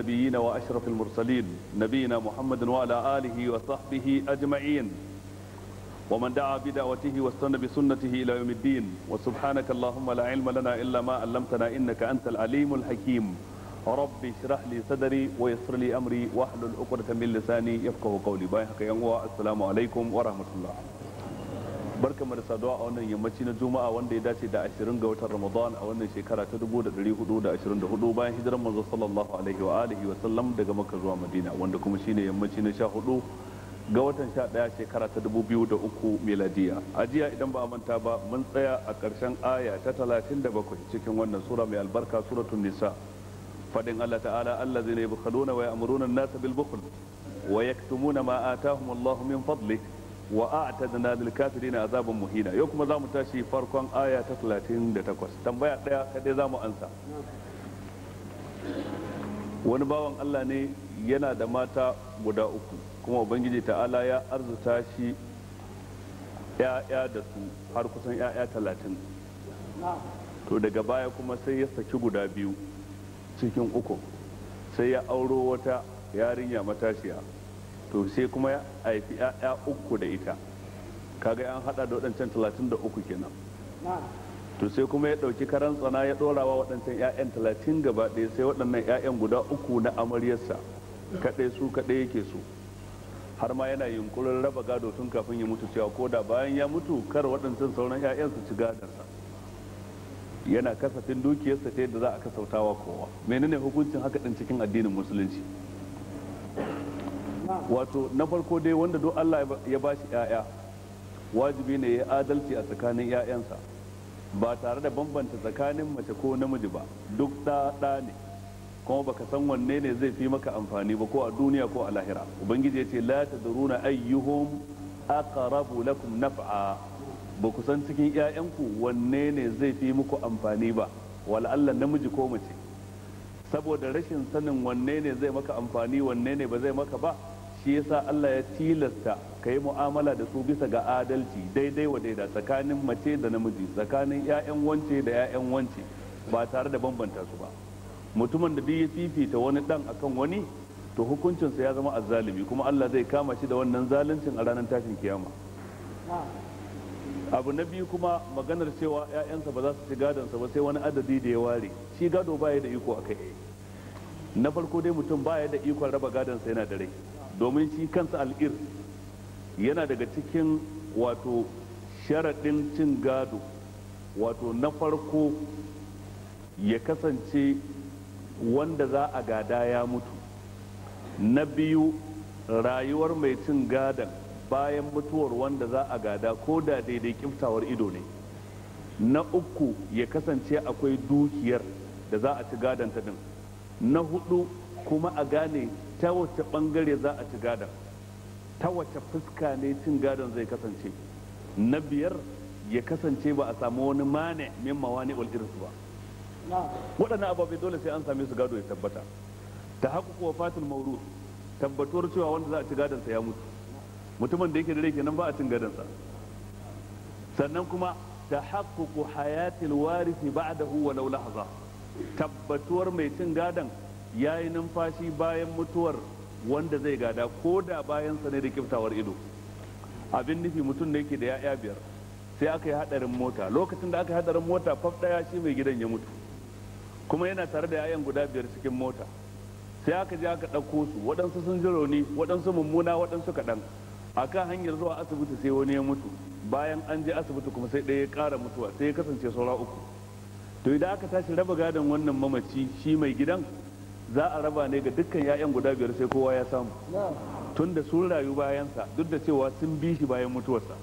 النبيين وأشرف المرسلين نبينا محمد وعلى آله وصحبه أجمعين ومن دعا بدعوته واستنى بسنته إلى يوم الدين وسبحانك اللهم لا علم لنا إلا ما علمتنا إنك أنت العليم الحكيم رب اشرح لي صدري ويسر لي أمري واحلل عقدة من لساني يفقه قولي بايحك يا السلام عليكم ورحمة الله barka da saduwa a wannan yammaci na juma'a wanda ya dace da 20 ga watan ramadan a wannan shekara ta 1424 bayan hijirar manzo sallallahu alaihi wa alihi wa sallam daga makka zuwa madina wanda kuma shine yammaci na 14 ga watan 11 shekara ta 2003 miladiya a jiya idan ba a manta ba mun tsaya a ƙarshen aya ta 37 cikin wannan sura mai albarka suratul nisa fadin Allah ta'ala allazina yabkhuluna wa ya'muruna an-nasa bil bukhl wa yaktumuna ma atahum Allahu min fadlihi wa a'tadna lil na azabin muhina yau kuma za mu tashi farkon aya ta 38 tambaya daya kadai mu ansa wani bawan Allah ne yana da mata guda uku kuma ubangiji ta'ala ya arzuta shi ya'ya da su har kusan ya'ya talatin to daga baya kuma sai ya saki guda biyu cikin uku sai ya auro wata yarinya matashiya to sai kuma ya haifi ya'ya uku da ita kaga 'yan hada da waɗancan talatin da uku kenan to sai kuma ya ɗauki karan tsana ya ɗorawa waɗancan 'ya'yan talatin gaba ɗaya sai waɗannan 'ya'yan guda uku na amaryarsa kaɗai su kaɗai yake su har ma yana yunkurin raba gado tun kafin ya mutu cewa koda bayan ya mutu kar waɗancan sauran 'ya'yan su ci yana kasafin dukiyarsa ta yadda za a kasautawa kowa menene hukuncin haka ɗin cikin addinin musulunci wato na farko dai wanda duk Allah ya ba shi ‘ya'ya wajibi ne ya adalci a tsakanin ‘ya'yansa ba tare da bambanta tsakanin mace ko namiji ba duk ɗa ne kuma baka san wanne ne zai fi maka amfani ba ko a duniya ko a lahira ubangiji ya ce la tadruna ayyuhum aqrabu lakum naf'a ba ku san cikin ‘ya'yanku wanne ne zai fi muku amfani ba wala namiji ko mace saboda rashin sanin wanne ne zai maka amfani wanne ne ba zai maka ba shi sa Allah ya tilasta ka yi mu'amala da su bisa ga adalci daidai wa daida tsakanin mace da namiji tsakanin 'ya'yan wance da 'ya'yan wance ba tare da bambanta su ba mutumin da duk ya fifita wani dan akan wani to hukuncinsa ya zama azzalimi kuma Allah zai kama shi da wannan zaluncin a ranar tashin kiyama abu na biyu kuma maganar cewa 'ya'yansa ba za su ci gadonsa ba sai wani adadi da ya ware shi gado baya da iko a kai na farko dai mutum baya da ikon raba gadonsa yana da rai domin shi kansa al'ir yana daga cikin wato sharaɗin cin gado wato na farko ya kasance wanda za a gada ya mutu na biyu rayuwar mai cin gadon bayan mutuwar wanda za a gada ko da daidai kimtawar ido ne na uku ya kasance akwai dukiyar da za a ci gadon ta din na hudu kuma a gane ta wace bangare za a ci gadon ta wace fuska ne cin gadon zai kasance na biyar ya kasance ba a samu wani mane min mawani ul ba waɗannan ababai dole sai an same su gado ya tabbata ta kuwa fatin maurud tabbatuwar cewa wanda za a ci gadonsa ya mutu mutumin da yake da rai nan ba a cin gadonsa sannan kuma ta haƙuƙo hayatil warisi ba dahu wa laula haza tabbatuwar mai cin gadon ya yi numfashi bayan mutuwar wanda zai gada ko da bayan sa ne da kiftawar ido abin nufi mutum ne yake da ya'ya biyar sai aka yi hadarin mota lokacin da aka yi hadarin mota faf daya shi mai gidan ya mutu kuma yana tare da yayan guda biyar cikin mota sai aka je aka ɗauko su waɗansu sun ji rauni waɗansu mummuna waɗansu kaɗan a kan hanyar zuwa asibiti sai wani ya mutu bayan an je asibiti kuma sai ɗaya ya ƙara mutuwa sai ya kasance saura uku to idan aka tashi raba gadon wannan mamaci shi mai gidan za a raba ne ga dukkan 'ya'yan guda biyar sai kowa ya samu tun da sun rayu bayansa duk da cewa sun bi shi bayan mutuwarsa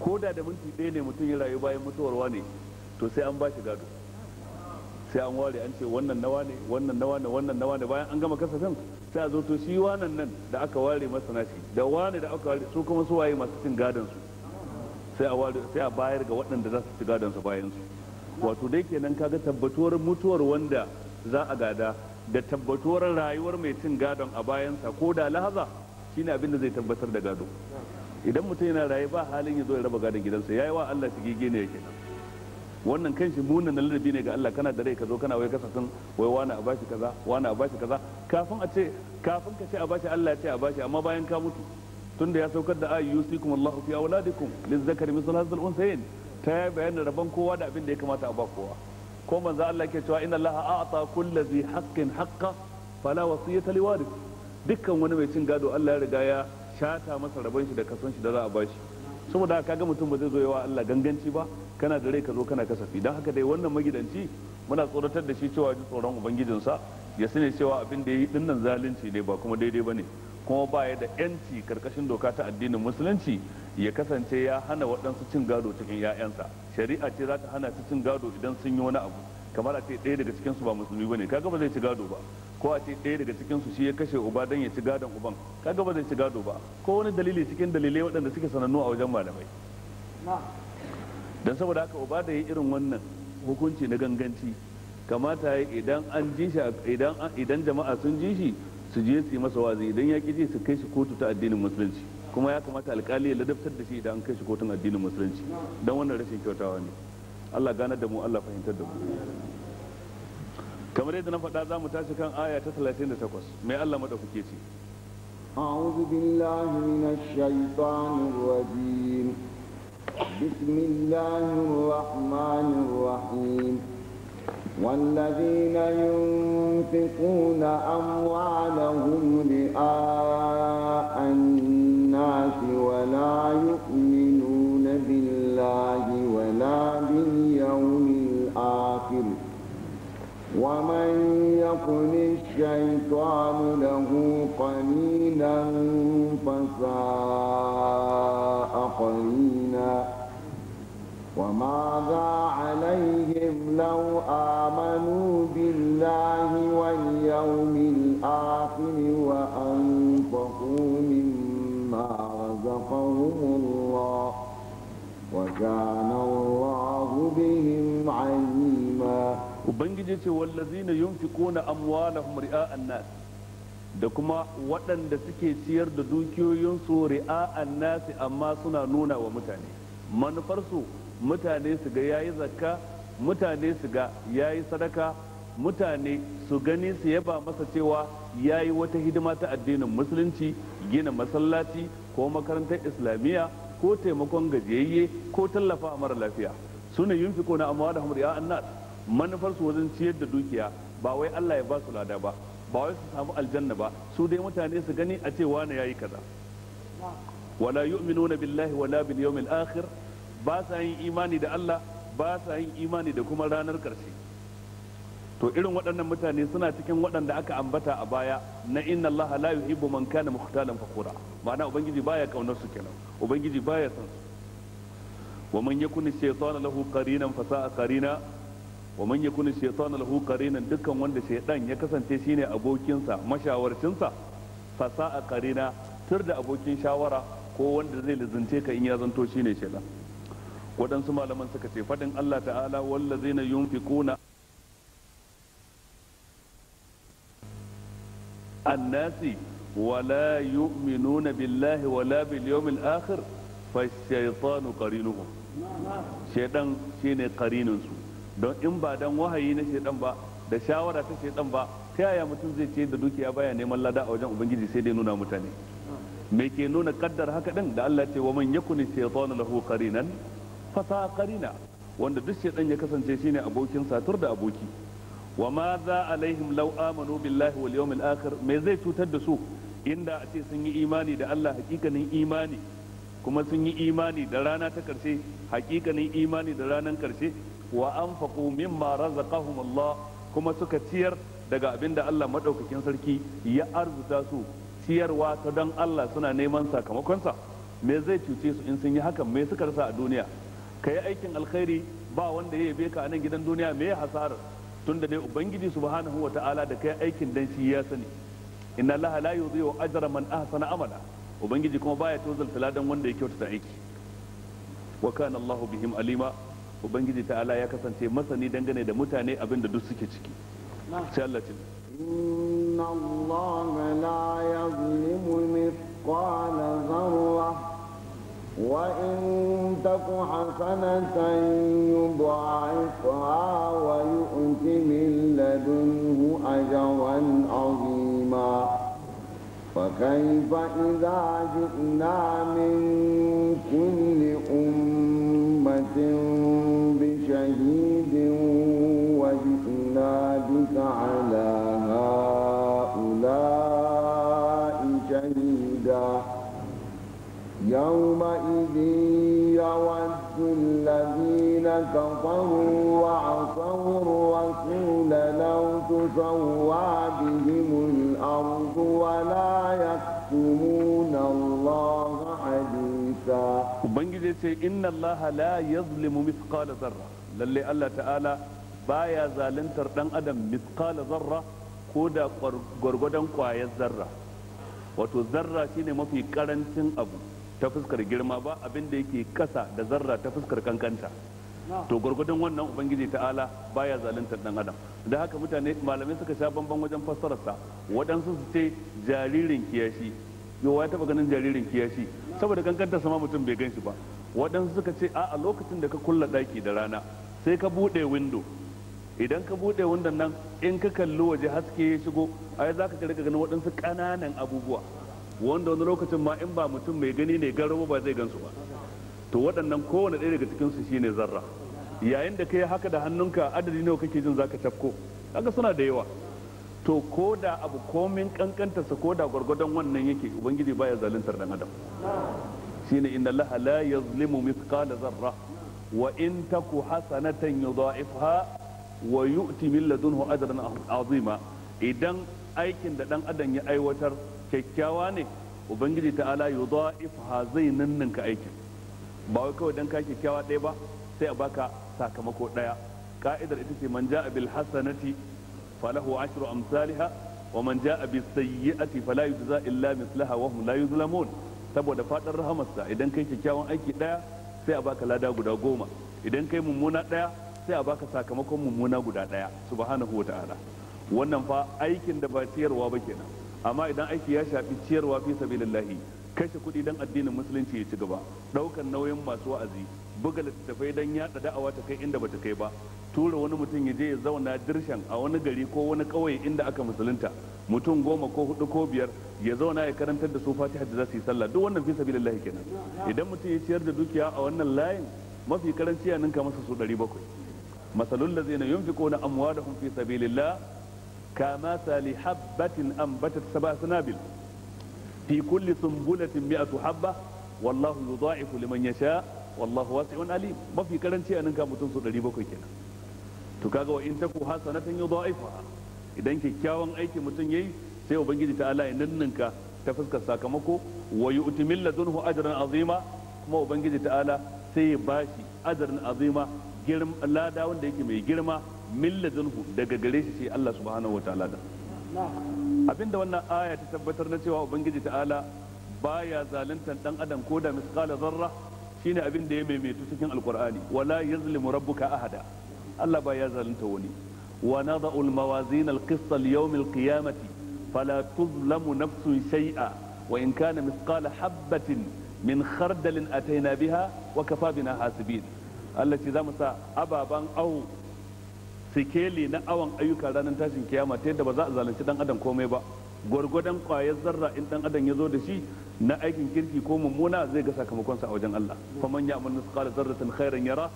ko da da minti ɗaya ne mutum ya rayu bayan mutuwarwa ne to sai an ba shi gado sai an ware an ce wannan nawa ne wannan nawa ne wannan nawa ne bayan an gama kasafin sai a zo to shi wanan nan da aka ware masa nashi da wane da aka ware su kuma su waye masu cin gadon su sai a ware sai a bayar ga waɗanda za su ci gadon su bayan su wato dai kenan kaga tabbatuwar mutuwar wanda za a gada da tabbatuwar rayuwar mai cin gadon a bayansa ko da lahaza shine abin da zai tabbatar da gado idan mutum yana raye ba halin ya zo ya raba gadon gidansa yayi wa Allah shigige ne yake wannan kanshi munan na ladabi ne ga Allah kana da rai ka zo kana wai kasa wai wani a bashi kaza wani a bashi kaza kafin a ce kafin ka ce a bashi Allah ya ce a bashi amma bayan ka mutu tun da ya saukar da ayu yusikum Allahu fi auladikum lizzakari misal hadzal unsayin ta bayanin rabon kowa da abin da ya kamata a ba kowa ko manzo Allah ke cewa inna Allah a'ta kulli dhi haqqin haqqa fala wasiyata liwarith dukkan wani mai cin gado Allah ya riga ya shata masa rabon shi da kason shi da za a bashi saboda haka ga mutum ba zai zo yawa Allah ganganci ba kana da rai ka zo kana kasafi don haka dai wannan magidanci muna tsoratar da shi cewa ji tsoron ubangijinsa ya sani cewa abin da ya yi dinnan zalunci ne ba kuma daidai ba ne kuma ba ya da yanci karkashin doka ta addinin musulunci ya kasance ya hana waɗansu cin gado cikin 'ya'yansa shari'a ce za ta hana su cin gado idan sun yi wani abu kamar a ce ɗaya daga cikinsu ba musulmi ba ne kaga ba zai ci gado ba ko a ce ɗaya daga cikinsu shi ya kashe uba dan ya ci gadon uban kaga ba zai ci gado ba ko wani dalili cikin dalilai waɗanda suke sanannu a wajen malamai don saboda haka uba da ya irin wannan hukunci na ganganci kamata ya idan an ji shi idan jama'a sun ji shi su je su yi masa wazi idan ya ki ji su kai shi kotu ta addinin musulunci kuma ya kamata alkali ya ladabtar da shi idan an kai shi kotun addinin musulunci don wannan rashin kyautawa ne Allah gane da mu Allah fahimtar da mu kamar yadda na faɗa za mu tashi kan aya ta 38 mai Allah madaukake ce أعوذ بالله من الشيطان الرجيم بسم الله الرحمن الرحيم والذين ينفقون أموالهم رئاء لا يؤمنون بالله ولا باليوم الآخر ومن يكن الشيطان له قليلا فساء قليلا وماذا عليهم لو آمنوا بالله واليوم الآخر كان الله بهم عليما وبنجي ce والذين ينفقون أموالهم رئاء الناس da kuma waɗanda suke ciyar da dukiyoyinsu ri'a'an nasi amma suna nuna wa mutane manufarsu mutane su ga yayi zakka mutane su ga yayi sadaka mutane su gani su yaba masa cewa yayi wata hidima ta addinin musulunci gina masallaci ko makarantar islamiyya ko taimakon gajiyayye ko tallafa mara lafiya suna yunfiko na amma da hamriya annas manufar su wajen ciyar da dukiya ba wai Allah ya ba su lada ba ba wai su samu aljanna ba su dai mutane su gani a ce wani yayi kaza wala yu'minuna billahi wala bil yawmil akhir ba sa yin imani da Allah ba sa yin imani da kuma ranar karshe to irin waɗannan mutane suna cikin waɗanda aka ambata a baya na inna allaha la yuhibbu man kana mukhtalan fakura ma'ana ubangiji baya kaunar su kenan ubangiji baya san su wa man yakun shaytan lahu qarinan fa sa'a qarina wa man yakun shaytan lahu qarinan dukkan wanda shaytan ya kasance shine abokinsa mashawarcinsa fa sa'a qarina tur da abokin shawara ko wanda zai lizince ka in ya zanto shine shaytan waɗansu malaman suka ce faɗin Allah ta'ala wallazina yunfiquna annasi wala yu'minuna billahi wala bil yawmil akhir fa shaytanu qarinuhum shaydan shine don in ba dan wahayi na shaydan ba da shawara ta shaydan ba ta yaya mutum zai ce da dukiya baya neman lada a wajen ubangiji sai dai nuna mutane me ke nuna kaddar haka din da Allah ce wa man yakuni shaytanu lahu qarinan fa sa qarina wanda duk shaydan ya kasance shine abokin satur da aboki wa ma za alaihim law amanu billahi wal yawmil akhir me zai cutar da su inda a ce sun yi imani da Allah hakikanin imani kuma sun yi imani da rana ta karshe hakikanin imani da ranar karshe wa anfaqu mimma razaqahum Allah kuma suka ciyar daga abin da Allah madaukakin sarki ya arzuta su ciyarwa ta don Allah suna neman sakamakonsa me zai cuce su in sun yi hakan me suka rasa a duniya ka yi aikin alkhairi ba wanda ya yabe ka a nan gidan duniya me hasarar tunda dai ubangiji subhanahu ta'ala da kai aikin dan shi ya sani inna allaha la yudhi'u ajra man ahsana amala ubangiji kuma baya tozalta ladan wanda ya kyautata aiki wa kana allahu bihim alima ubangiji ta'ala ya kasance masani dangane da mutane abinda duk suke ciki sai Allah ce inna allaha la yuzlimu mithqala dharrah وإن تك حسنة يضاعفها ويؤت من لدنه أجرا عظيما فكيف إذا جئنا من كل يومئذ يود الذين كفروا وعصوا الرسول لو تسوى بهم الأرض ولا يكتمون الله حديثا وبنجي سي إن الله لا يظلم مثقال ذرة للي الله تعالى بايا زالنتر دان أدم مثقال ذرة كودا غرغدان قوايا ذرة وتو ذرة shine مفي karancin أبو ta fuskar girma ba abin da yake kasa da zarra ta fuskar kankanta to gurgudun wannan ubangiji ta'ala baya zaluntar dan adam da haka mutane malamai suka sha bamban wajen fassararsa waɗansu su ce jaririn kiyashi yau ya ganin jaririn kiyashi saboda kankanta sama mutum bai gan shi ba waɗansu suka ce a lokacin da ka kulla ɗaki da rana sai ka buɗe windo idan ka buɗe windon nan in ka kalli waje haske ya shigo ai za ka rika ganin waɗansu ƙananan abubuwa wanda wani lokacin ma in ba mutum mai gani ne garo ba zai gansu ba to waɗannan kowane ɗaya daga su shine zarra yayin da kai haka da hannunka adadi nawa kake jin zaka tafko kaga suna da yawa to ko da abu komin kankantarsa ko da gwargwadon wannan yake ubangiji baya zaluntar dan adam shine inna allaha la yuzlimu mithqala zarra wa in taku hasanatan yudha'ifha wa yu'ti min ladunhu ajran azima idan aikin da dan adam ya aiwatar kyakkyawa ne ubangiji ta ala ta'ala ha zai ninninka aiki ba wai kawai dan ka kyakkyawa ɗaya ba sai a baka sakamako ɗaya ka'idar ita ce man ja'a bil hasanati falahu ashru amsalha wa man ja'a bis sayyi'ati fala yujza illa mislaha wa hum la yuzlamun saboda fadar rahamarsa idan kai kyakkyawan aiki ɗaya sai a baka lada guda goma idan kai mummuna ɗaya sai a baka sakamakon mummuna guda ɗaya subhanahu wa ta'ala wannan fa aikin da ba ciyarwa ba kenan amma idan aiki ya shafi ciyarwa fi sabilillahi kashe kuɗi don addinin musulunci ya ci gaba ɗaukar nauyin masu wa'azi buga littattafai don yaɗa da'awa ta kai inda bata kai ba tura wani mutum ya je ya zauna dirshan a wani gari ko wani ƙauye inda aka musulunta mutum goma ko hudu ko biyar ya zauna ya karantar da su fatiha da za su yi sallah duk wannan fi sabilillahi kenan idan mutum ya ciyar da dukiya a wannan layin mafi karanci ya ninka masa su 700 masalul lazina yunfiquna amwalahum fi sabilillah kama ma sali hab batin am batar sabin asanabil fi kulli sumbuna timmiyar tu haba walahi liman ya sha walahi wasu ƴan ali karanci a ninka a mutum su 700 kyata to kaga wa in taku Hassan na tun idan kyakkyawan aikin mutum ya yi sai wa bangin ja ta'ala ɗan yi ta fuska sakamako waye u timin ladon azima kuma ubangiji bangin ja ta'ala sai ya bashi ajar na azima lada wanda yake mai girma. milladunhu daga gare shi sai Allah subhanahu wataala da abinda wannan aya ta tabbatar na cewa ubangiji ta'ala baya zaluntar dan adam ko da misqala zarra shine abin da ya maimaitu cikin alqur'ani wala yazlimu rabbuka ahada Allah baya zalunta wani wa nada'u al-mawazin al-qist al qiyamati fala tuzlamu nafsun shay'a wa in kana misqala habatin min khardalin ataina biha wa kafa bina hasibin Allah ce za mu sa ababan au sikeli na awon ayyuka ranar tashin kiyama ta yadda ba za a zalunci dan adam komai ba gwargwadon kwayar zarra in dan adam ya zo da shi na aikin kirki ko mummuna zai ga sakamakonsa a wajen Allah man ya'mal mithqala zarratin khairan yara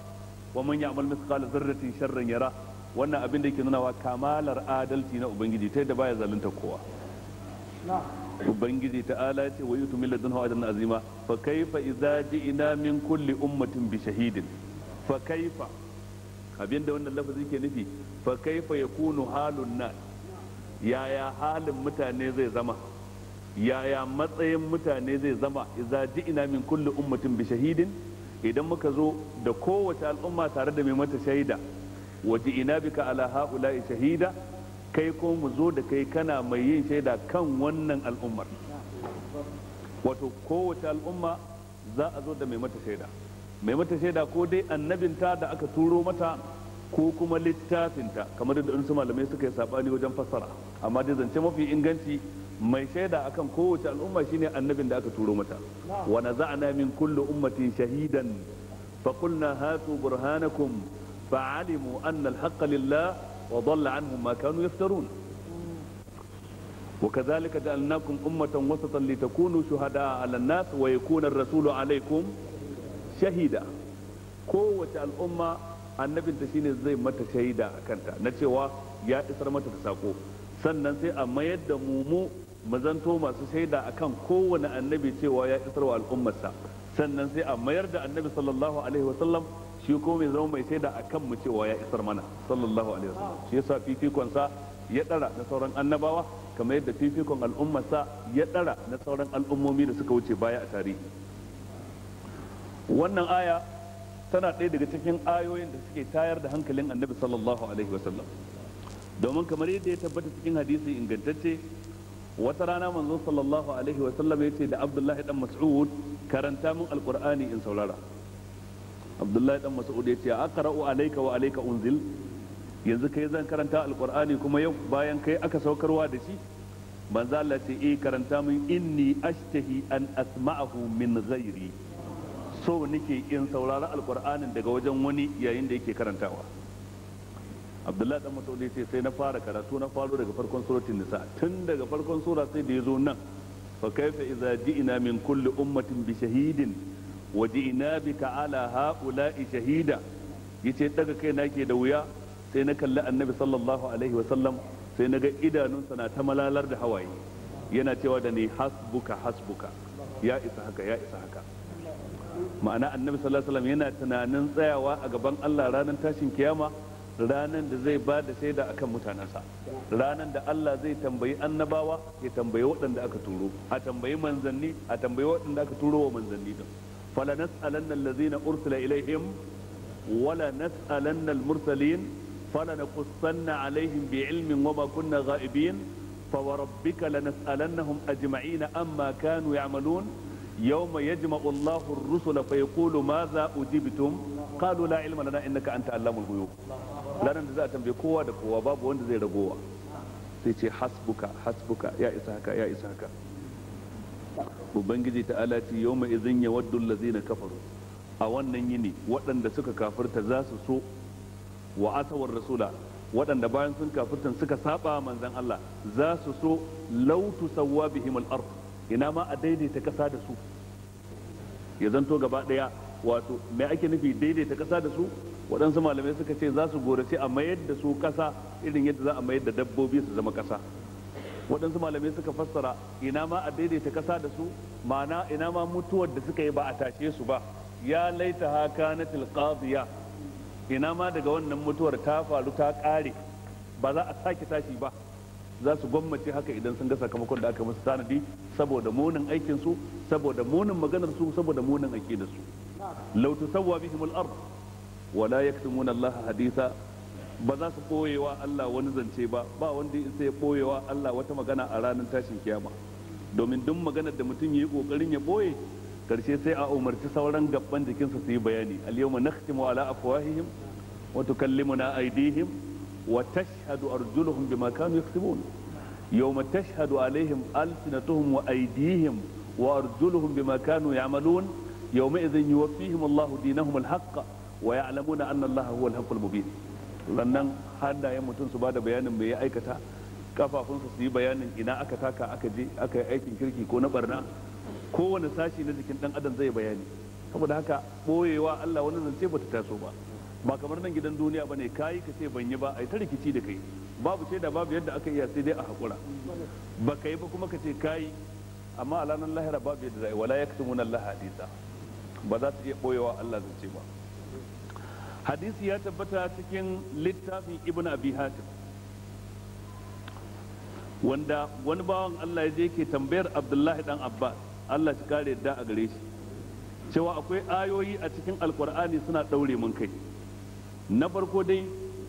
wa man ya'mal mithqala zarratin sharran yara wannan abin da yake nunawa kamalar adalci na ubangiji ta yadda baya zalunta kowa ubangiji ta'ala ce wa yutu min ladunhu ajran azima fa kaifa idza ji'na min kulli ummatin bi shahidin fa kaifa abinda wannan lafazi ke nufi fa kaifa yakunu halun nas yaya halin mutane zai zama yaya matsayin mutane zai zama idza ina min kulli ummatin bi shahidin idan muka zo da kowace al'umma tare da mai mata shaida wa ina bika ala haula'i shahida kai ko mu zo da kai kana mai yin shaida kan wannan al'ummar wato kowace al'umma za a zo da mai mata shaida mai mata shaida ko dai annabinta da aka turo mata ko kuma littafinta kamar da su malamai suka yi sabani wajen fassara amma dai zance mafi inganci mai shaida akan kowace al'umma shine annabin da aka turo mata wa naza'na min kulli ummatin shahidan fa qulna hatu burhanakum fa alimu anna al-haqqa lillah wa dhalla anhum ma kanu yaftarun وكذلك جعلناكم أمة وسطا لتكونوا شهداء على الناس ويكون الرسول عليكم shahida kowace al'umma annabinta shine zai mata shaida a kanta na cewa ya isar mata da sako sannan sai a mayar da mu mazanto masu shaida akan kowane annabi cewa ya isar wa al'ummarsa sannan sai a mayar da annabi sallallahu alaihi wasallam shi ko mai zama mai shaida kan mu cewa ya isar mana sallallahu alaihi wasallam shi yasa fifikon sa ya dara na sauran annabawa kamar yadda fifikon al'ummarsa ya dara na sauran al'ummomi da suka wuce baya a tarihi wannan aya tana ɗaya daga cikin ayoyin da suke tayar da hankalin annabi sallallahu alaihi wasallam domin kamar yadda ya tabbata cikin hadisi ingantacce wata rana manzon sallallahu alaihi wasallam ya ce da abdullahi dan mas'ud karanta min alqur'ani in saurara abdullahi dan mas'ud ya ce aqra'u alayka wa alayka unzil yanzu kai zan karanta alqur'ani kuma yau bayan kai aka saukarwa da shi manzo Allah ce eh karanta min inni ashtahi an asma'ahu min ghairi so nake in saurari alkur'anin daga wajen wani yayin da yake karantawa abdullahi dan matsauli ce sai na fara karatu na faro daga farkon suratin nisa tun daga farkon sura sai da ya zo nan fa kaifa idza ji'na min kulli ummatin bi shahidin wa ji'na bika ala haula'i shahida yace daga kai nake da wuya sai na kalli annabi sallallahu alaihi wa sallam sai na ga idanunsa na ta malalar da hawaye yana cewa da ni hasbuka hasbuka ya isa haka ya isa haka ma'ana annabi sallallahu alaihi wasallam yana tunanin tsayawa a gaban Allah ranar tashin kiyama ranar da zai ba da shaida akan mutanensa ranar da Allah zai tambayi annabawa ya tambayi waɗanda aka turo a tambayi manzanni a tambayi waɗanda aka turo wa manzanni din fala nas'alanna allazina ursila ilaihim wala nas'alanna almursalin mursalin fala naqussanna alaihim bi'ilmin ma kunna gha'ibin fa wa rabbika lanas'alannahum ajma'ina amma kanu ya'malun Yau yajma'u Allahu ar-rusula fa yaqulu madha ujibtum qalu la ilma lana innaka anta allamul ghuyub ranar da za a kowa da kowa babu wanda zai raguwa. sai ce hasbuka hasbuka ya isa haka ya isa haka ubangiji ta alati yawma idhin yawaddu allazina kafaru a wannan yini waɗanda suka kafirta za su so wa asawar rasula waɗanda bayan sun kafirtan suka saba manzan Allah za su so lautu ina ma a daidaita kasa da su ya zanto gaba daya wato me ake nufi daidaita kasa da su waɗansu malamai suka ce za su gorace a mayar da su kasa irin yadda za a mayar da dabbobi su zama kasa waɗansu malamai suka fassara ina ma a daidaita kasa da su ma'ana ina ma mutuwar da suka yi ba a tashe su ba ya laita haka na tilqadiya ina ma daga wannan mutuwar ta faru ta ƙare ba za a sake tashi ba za su gwammace haka idan sun ga sakamakon da aka musu tanadi saboda munin aikin su saboda munin maganar su saboda munin aqidar su law tusawwa bihim al-ard wa la yaktumuna Allah haditha ba za su koyewa Allah wani zance ba ba wanda sai boyewa Allah wata magana a ranar tashin kiyama domin duk maganar da mutum yayi kokarin ya boye karshe sai a umarci sauran gabban jikinsa su yi bayani al-yawma nakhtimu ala afwahihim wa tukallimuna aydihim وتشهد أرجلهم بما كانوا يكسبون يوم تشهد عليهم ألسنتهم وأيديهم وأرجلهم بما كانوا يعملون يومئذ يوفيهم الله دينهم الحق ويعلمون أن الله هو الحق المبين sannan hannayen mutum su ba da bayanin mai ya aikata kafafunsa su yi bayanin ina aka taka aka je aka yi aikin kirki ko na barna kowane sashi na jikin dan adam zai bayani saboda haka boyewa Allah wani zance bata taso ba ba kamar nan gidan duniya bane kayi ka ce ban yi ba ai ta rikici da kai babu shaida babu yadda aka iya sai dai a hakura ba kai ba kuma ka ce kayi amma a ranar lahira babu yadda zai wala yaktumuna Allah hadisa ba za su iya boyewa Allah ce ba hadisi ya tabbata cikin littafin ibn abi hatim wanda wani bawan Allah ya je ke tambayar Abdullahi dan Abbas Allah shi kare yadda a gare shi cewa akwai ayoyi a cikin alkur'ani suna daure mun kai na farko dai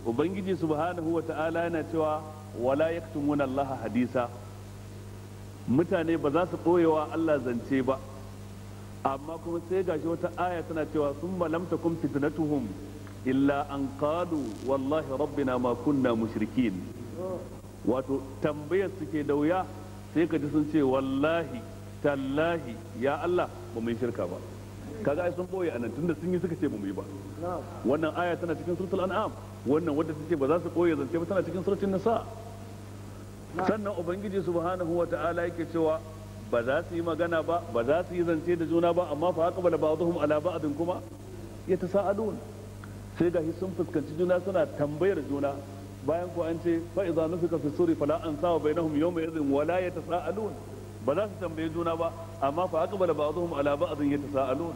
ubangiji subhanahu wa ta'ala yana cewa wala yaktumuna Allah hadisa mutane ba za su ɓoyewa Allah zance ba amma kuma sai gashi wata aya tana cewa sun malamta kun fitnatuhum illa an qalu wallahi rabbina ma kunna mushrikin wato tambayar suke da wuya sai ka ji sun ce wallahi tallahi ya Allah ba mu shirka ba kaga ai sun boye anan tunda sun yi suka ce ba mu yi ba wannan aya tana cikin suratul an'am wannan ta take ba za su boye zance ba tana cikin suratul nisa sannan ubangiji subhanahu ta'ala yake cewa ba za su yi magana ba ba za su yi zance da juna ba amma fa haka bala ba'dhum ala ba'din kuma ya tasa'alun sai ga sun fuskanci juna suna tambayar juna bayan ko an ce fa idza nufika fi suri fala ansawa bainahum yawma idhin wala yatasaalun ba za su tambaye juna ba amma fa aqbala ba'dhum ala ba'dhin yatasaalun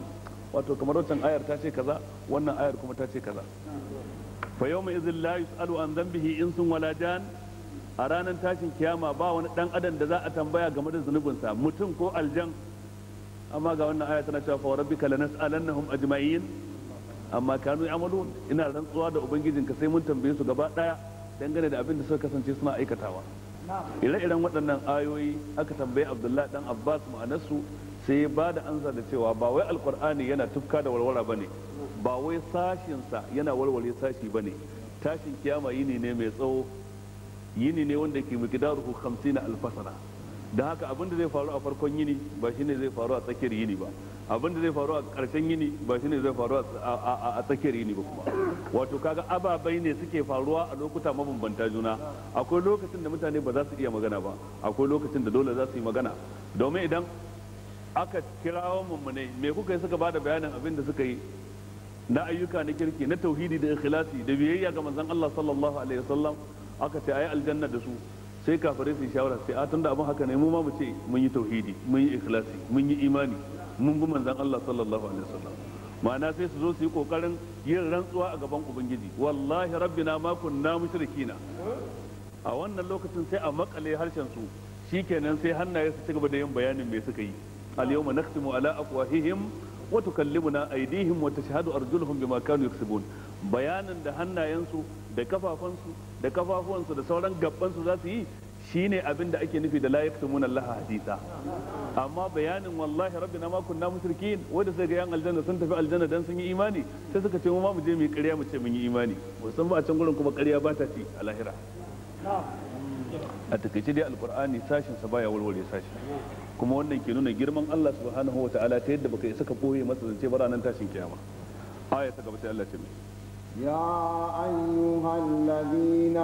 wato kamar wancan ayar ta ce kaza wannan ayar kuma ta ce kaza fa yawma idhil la yusalu an dhanbihi insun wala jan a ranar tashin kiyama ba wani dan adam da za a tambaya game da zunubinsa mutum ko aljan amma ga wannan aya tana cewa fa rabbika lanas'alannahum ajma'in amma kanu ya'malun ina rantsuwa da ubangijinka sai mun tambaye su gaba daya dangane da abin da suka kasance suna aikatawa ire-iren waɗannan ayoyi aka tambaye abdullahi dan abbas ma'anarsu sai ya ba da ansa da cewa ba wai alkur'ani yana tufka da walwala ba ne ba wai sashinsa yana walwale sashi ba ne tashin kiyama yini ne mai tsawo yini ne wanda ke miqdaruhu na alfasara da haka abin da zai faru a farkon yini ba shi ne zai faru a tsakiyar yini ba abin da zai faru a karshen yini ba shine zai faru a tsakiyar yini ba kuma wato kaga ababai ne suke faruwa a lokuta mabambanta juna akwai lokacin da mutane ba za su iya magana ba akwai lokacin da dole za su yi magana domin idan aka kirawo mummune me kuka yi suka ba da bayanin abin da suka yi na ayyuka na kirki na tauhidi da ikhlasi da biyayya ga manzon Allah sallallahu alaihi wasallam aka ce ayi aljanna da su sai kafirai su shawara sai a tun da abin haka ne mu ma mu ce mun yi tauhidi mun yi ikhlasi mun yi imani mun bi manzon Allah sallallahu alaihi wasallam ma'ana sai su zo su yi kokarin yin rantsuwa a gaban ubangiji wallahi rabbina ma kunna mushrikina a wannan lokacin sai a makale harshen su shikenan sai hannaye su cigaba da yin bayanin me suka yi al yawma naqtimu ala afwahihim wa tukallimuna aydihim wa tashhadu arjuluhum bima kanu yaksubun bayanin da hannayensu da kafafansu da kafafuwansu da sauran gabbansu za su yi shine abin da ake nufi da la yaktumuna Allah hadisa amma bayanin wallahi rabbina ma kunna mushrikin wanda sai ga yan aljanna sun tafi aljanna dan sun yi imani sai suka ce mu ma mu je mu yi ƙarya mu ce mun yi imani musan ba a can gurin kuma ƙarya ba ta ci a lahira a takaice dai alkur'ani sashin sa baya warware sashi kuma wannan ke nuna girman Allah subhanahu wa ta'ala ta yadda baka isa ka boye masa zance ba ranar tashin kiyama aya ta gaba sai Allah ta mai يا أيها الذين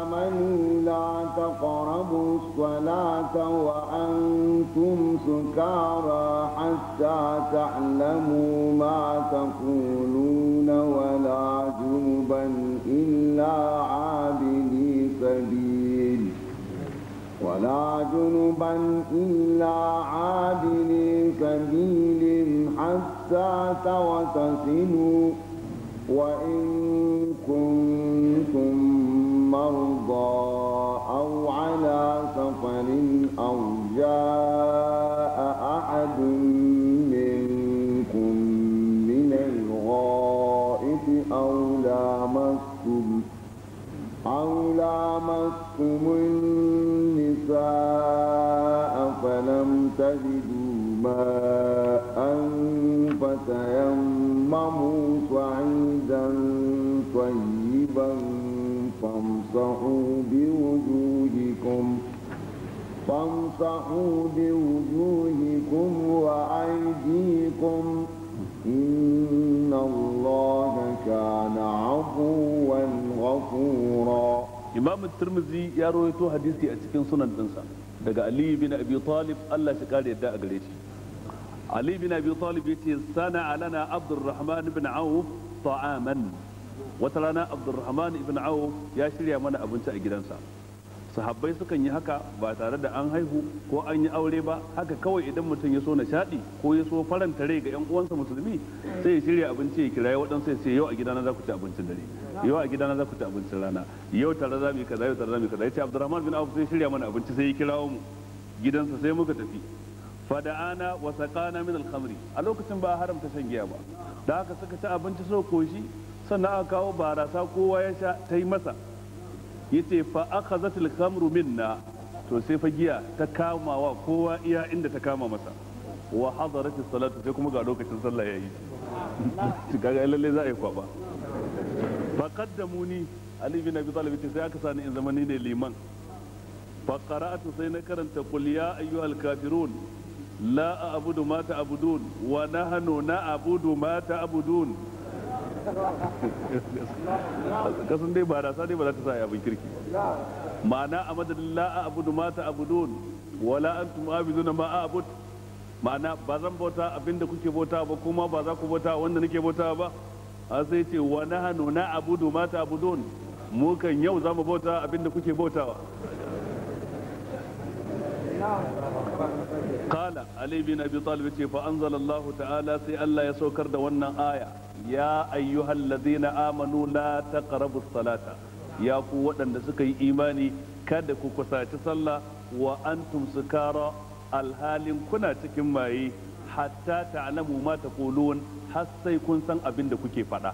آمنوا لا تقربوا الصلاة وأنتم سكارى حتى تعلموا ما تقولون ولا جنبا إلا عابري سبيل ولا جنبا إلا عابري سبيل حتى توتسلوا وإن كنتم مرضى أو على سفر أو جاء أحد منكم من الغائط أو لامستم أو لامستم النساء فلم تجدوا ماء فتيمموا وامسحوا بوجوهكم وأيديكم إن الله كان عفوا غفورا إمام الترمذي يروي تو حديثي أتكين سنن دنسا daga Ali bin Abi Talib Allah shi kare yadda a gare shi Ali bin Abi Talib yace sana alana Abdurrahman ibn Auf ta'aman wata rana Abdurrahman ibn Auf ya shirya mana abinci a gidansa sahabbai sukan yi haka ba tare da an haihu ko an yi aure ba haka kawai idan mutum ya so na shaɗi ko ya so faranta rai ga 'yan uwansa musulmi sai ya shirya abinci ya kiraye waɗansu ya ce yau a gidana za ku ci abincin dare yau a gidana za ku ci abincin rana yau tare za mu yi kaza yau tare za mu yi kaza ya ce abdurrahman bin abu sai shirya mana abinci sai ya kirawo mu gidansa sai muka tafi fada'ana wa saqana min al-khamri a lokacin ba haramta shan giya ba da haka suka ci abinci so koshi sannan aka kawo barasa kowa ya sha ta yi masa yace fa aka al-khamru minna to sai fa giya ta kama wa kowa iya inda ta kama masa wa hadarat salatu sai kuma ga lokacin sallah yayi kaga lalle za a yi kwaba fa qaddamuni ali bin abi talib sai aka sani in zamani ne liman fa qara'atu sai na karanta qul ya ayyuhal kafirun la a'budu ma ta'budun wa nahnu na'budu ma ta'budun kasan dai ba rasa dai ba za ta sa bin kirki ma'ana a madadin la'a abudu mata don wala an antum abiduna ma a abud ma'ana ba zan bauta abinda kuke bauta ba kuma ba za ku bauta wanda nake bauta ba a sai ce wa hannu na abudu mata abudun mu kan yau za mu bauta abinda kuke bautawa قال علي بن ابي طالب ce fa تعالى سي ta'ala sai Allah ya saukar da wannan aya ya ayyuhal ladina amanu la taqrabu salata ya ku waɗanda suka yi imani kada ku kusaci sallah wa antum sukara alhalin kuna cikin maye hatta ta'lamu ma taqulun har sai kun san abin da kuke faɗa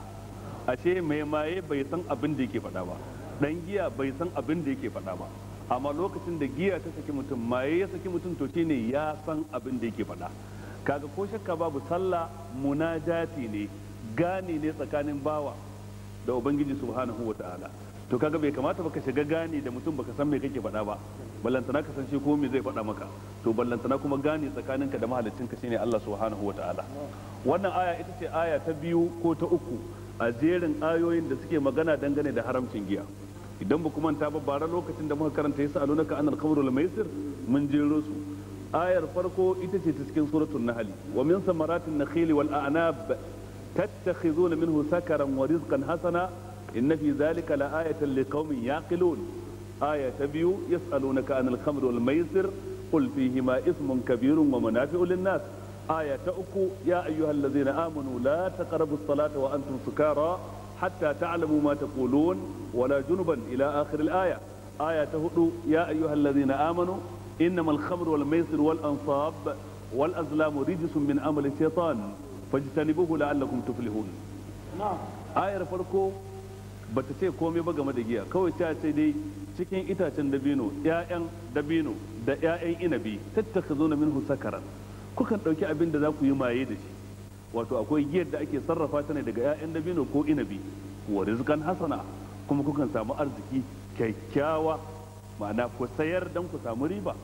ashe mai maye bai san abin da yake faɗa ba dan giya bai san abin da yake faɗa ba amma lokacin da giya ta saki mutum maye ya saki mutum to shine ya san abin da yake faɗa kaga ko shakka babu sallah munajati ne gane ne tsakanin bawa da ubangiji subhanahu wa ta'ala to kaga bai kamata ba ka shiga gane da mutum baka san me kake faɗa ba ballantana ka san shi ko me zai faɗa maka to ballantana kuma gane ka da mahalicin ka shine Allah subhanahu wa ta'ala wannan aya ita ce aya ta biyu ko ta uku a jerin ayoyin da suke magana dangane da haramcin giya idan ba manta ba bara lokacin da muka karanta yasa alunaka anal khamrul maisir mun jero su ayar farko ita ce ta cikin suratul nahl wa min samaratin nakhil wal a'nab تتخذون منه سكرا ورزقا حسنا إن في ذلك لآية لقوم يعقلون آية تبيو يسألونك عن الخمر والميسر قل فيهما إثم كبير ومنافع للناس آية تأكو يا أيها الذين آمنوا لا تقربوا الصلاة وأنتم سكارى حتى تعلموا ما تقولون ولا جنبا إلى آخر الآية آية تهدو يا أيها الذين آمنوا إنما الخمر والميسر والأنصاب والأزلام رجس من عمل الشيطان fajtanibuhu la'allakum tuflihun ayar farko bata ce komai ba game da giya kawai ta ce dai cikin itacen dabino yayan dabino da yayan inabi tattakhuzuna minhu sakaran kukan ɗauki abin da za ku yi maye da shi wato akwai giyar da ake sarrafa ta ne daga 'ya'yan dabino ko inabi wa rizqan hasana kuma kukan samu arziki kyakkyawa ma'ana ku sayar dan ku samu riba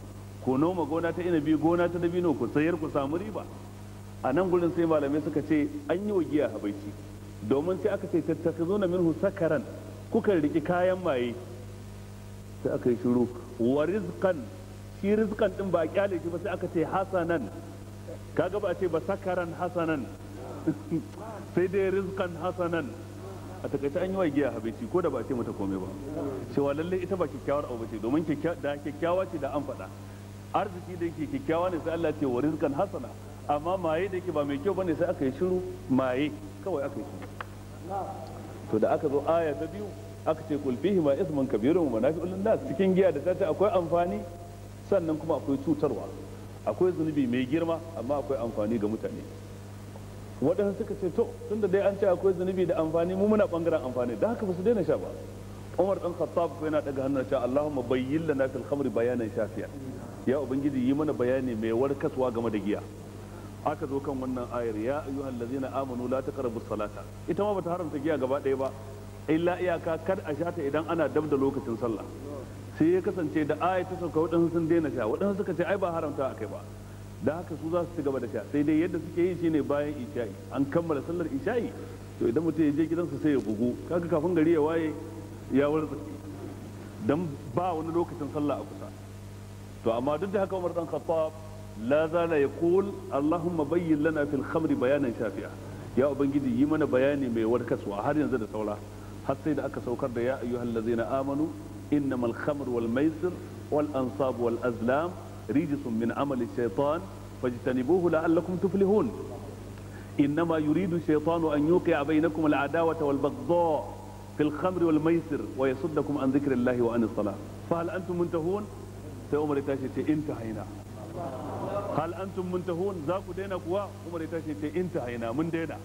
Ko noma gona ta inabi gona ta dabino ku sayar ku samu riba a nan gurin sai malamai suka ce an yi wa giya habaici domin sai aka ce na minhu sakaran kuka riki kayan maye sai aka yi shiru wa rizkan shi rizkan din ba a kyale shi ba sai aka ce hasanan kaga ba a ce ba sakaran hasanan sai dai rizkan hasanan a takaice an yi wa giya habaici ko da ba a ce mata komai ba cewa lalle ita ba kyakkyawar abu ce domin da kyakkyawa ce da an faɗa arziki da yake kyakkyawa ne sai Allah ce wa rizkan hasana amma maye da yake ba mai kyau bane sai aka yi shiru maye kawai aka yi shiru to da aka zo aya ta biyu aka ce kul fihi ma ismun kabirun wa manafi'ul nas cikin giya da ta akwai amfani sannan kuma akwai cutarwa akwai zunubi mai girma amma akwai amfani ga mutane waɗansu suka ce to tunda dai an ce akwai zunubi da amfani mu muna bangaren amfani da haka ba su daina sha ba Umar dan Khattab ko yana daga hannun cewa Allahumma bayyin lana fil khamri bayanan shafiya ya ubangiji yi mana bayani mai warkaswa game da giya aka zo kan wannan ayar ya ayyuhal ladzina amanu la taqrabu salata ita ma bata haramta giya gaba ɗaya ba illa iyaka kar a sha idan ana dab da lokacin sallah sai ya kasance da aya ta sauka waɗansu sun daina sha waɗansu suka ce ai ba haramta a kai ba da haka su za su ci gaba da sha sai dai yadda suke yi shine bayan isha'i an kammala sallar isha'i to idan mutum ya je gidansa sai ya gugu kaga kafin gari ya waye ya wartsake dan ba wani lokacin sallah a kusa to amma duk da haka Umar dan Khattab لا زال يقول اللهم بين لنا في الخمر بيانا شافيا يا أبنجدي يمنى بيان مي وركسوا هاري نزل سولا حتى إذا أكسوكر يا أيها الذين آمنوا إنما الخمر والميسر والأنصاب والأزلام رجس من عمل الشيطان فاجتنبوه لعلكم تفلحون إنما يريد الشيطان أن يوقع بينكم العداوة والبغضاء في الخمر والميسر ويصدكم عن ذكر الله وعن الصلاة فهل أنتم منتهون؟ سأمر تاشي انتهينا hal antum muntahun za ku daina kuwa umar ya tashi ce inta haina mun daina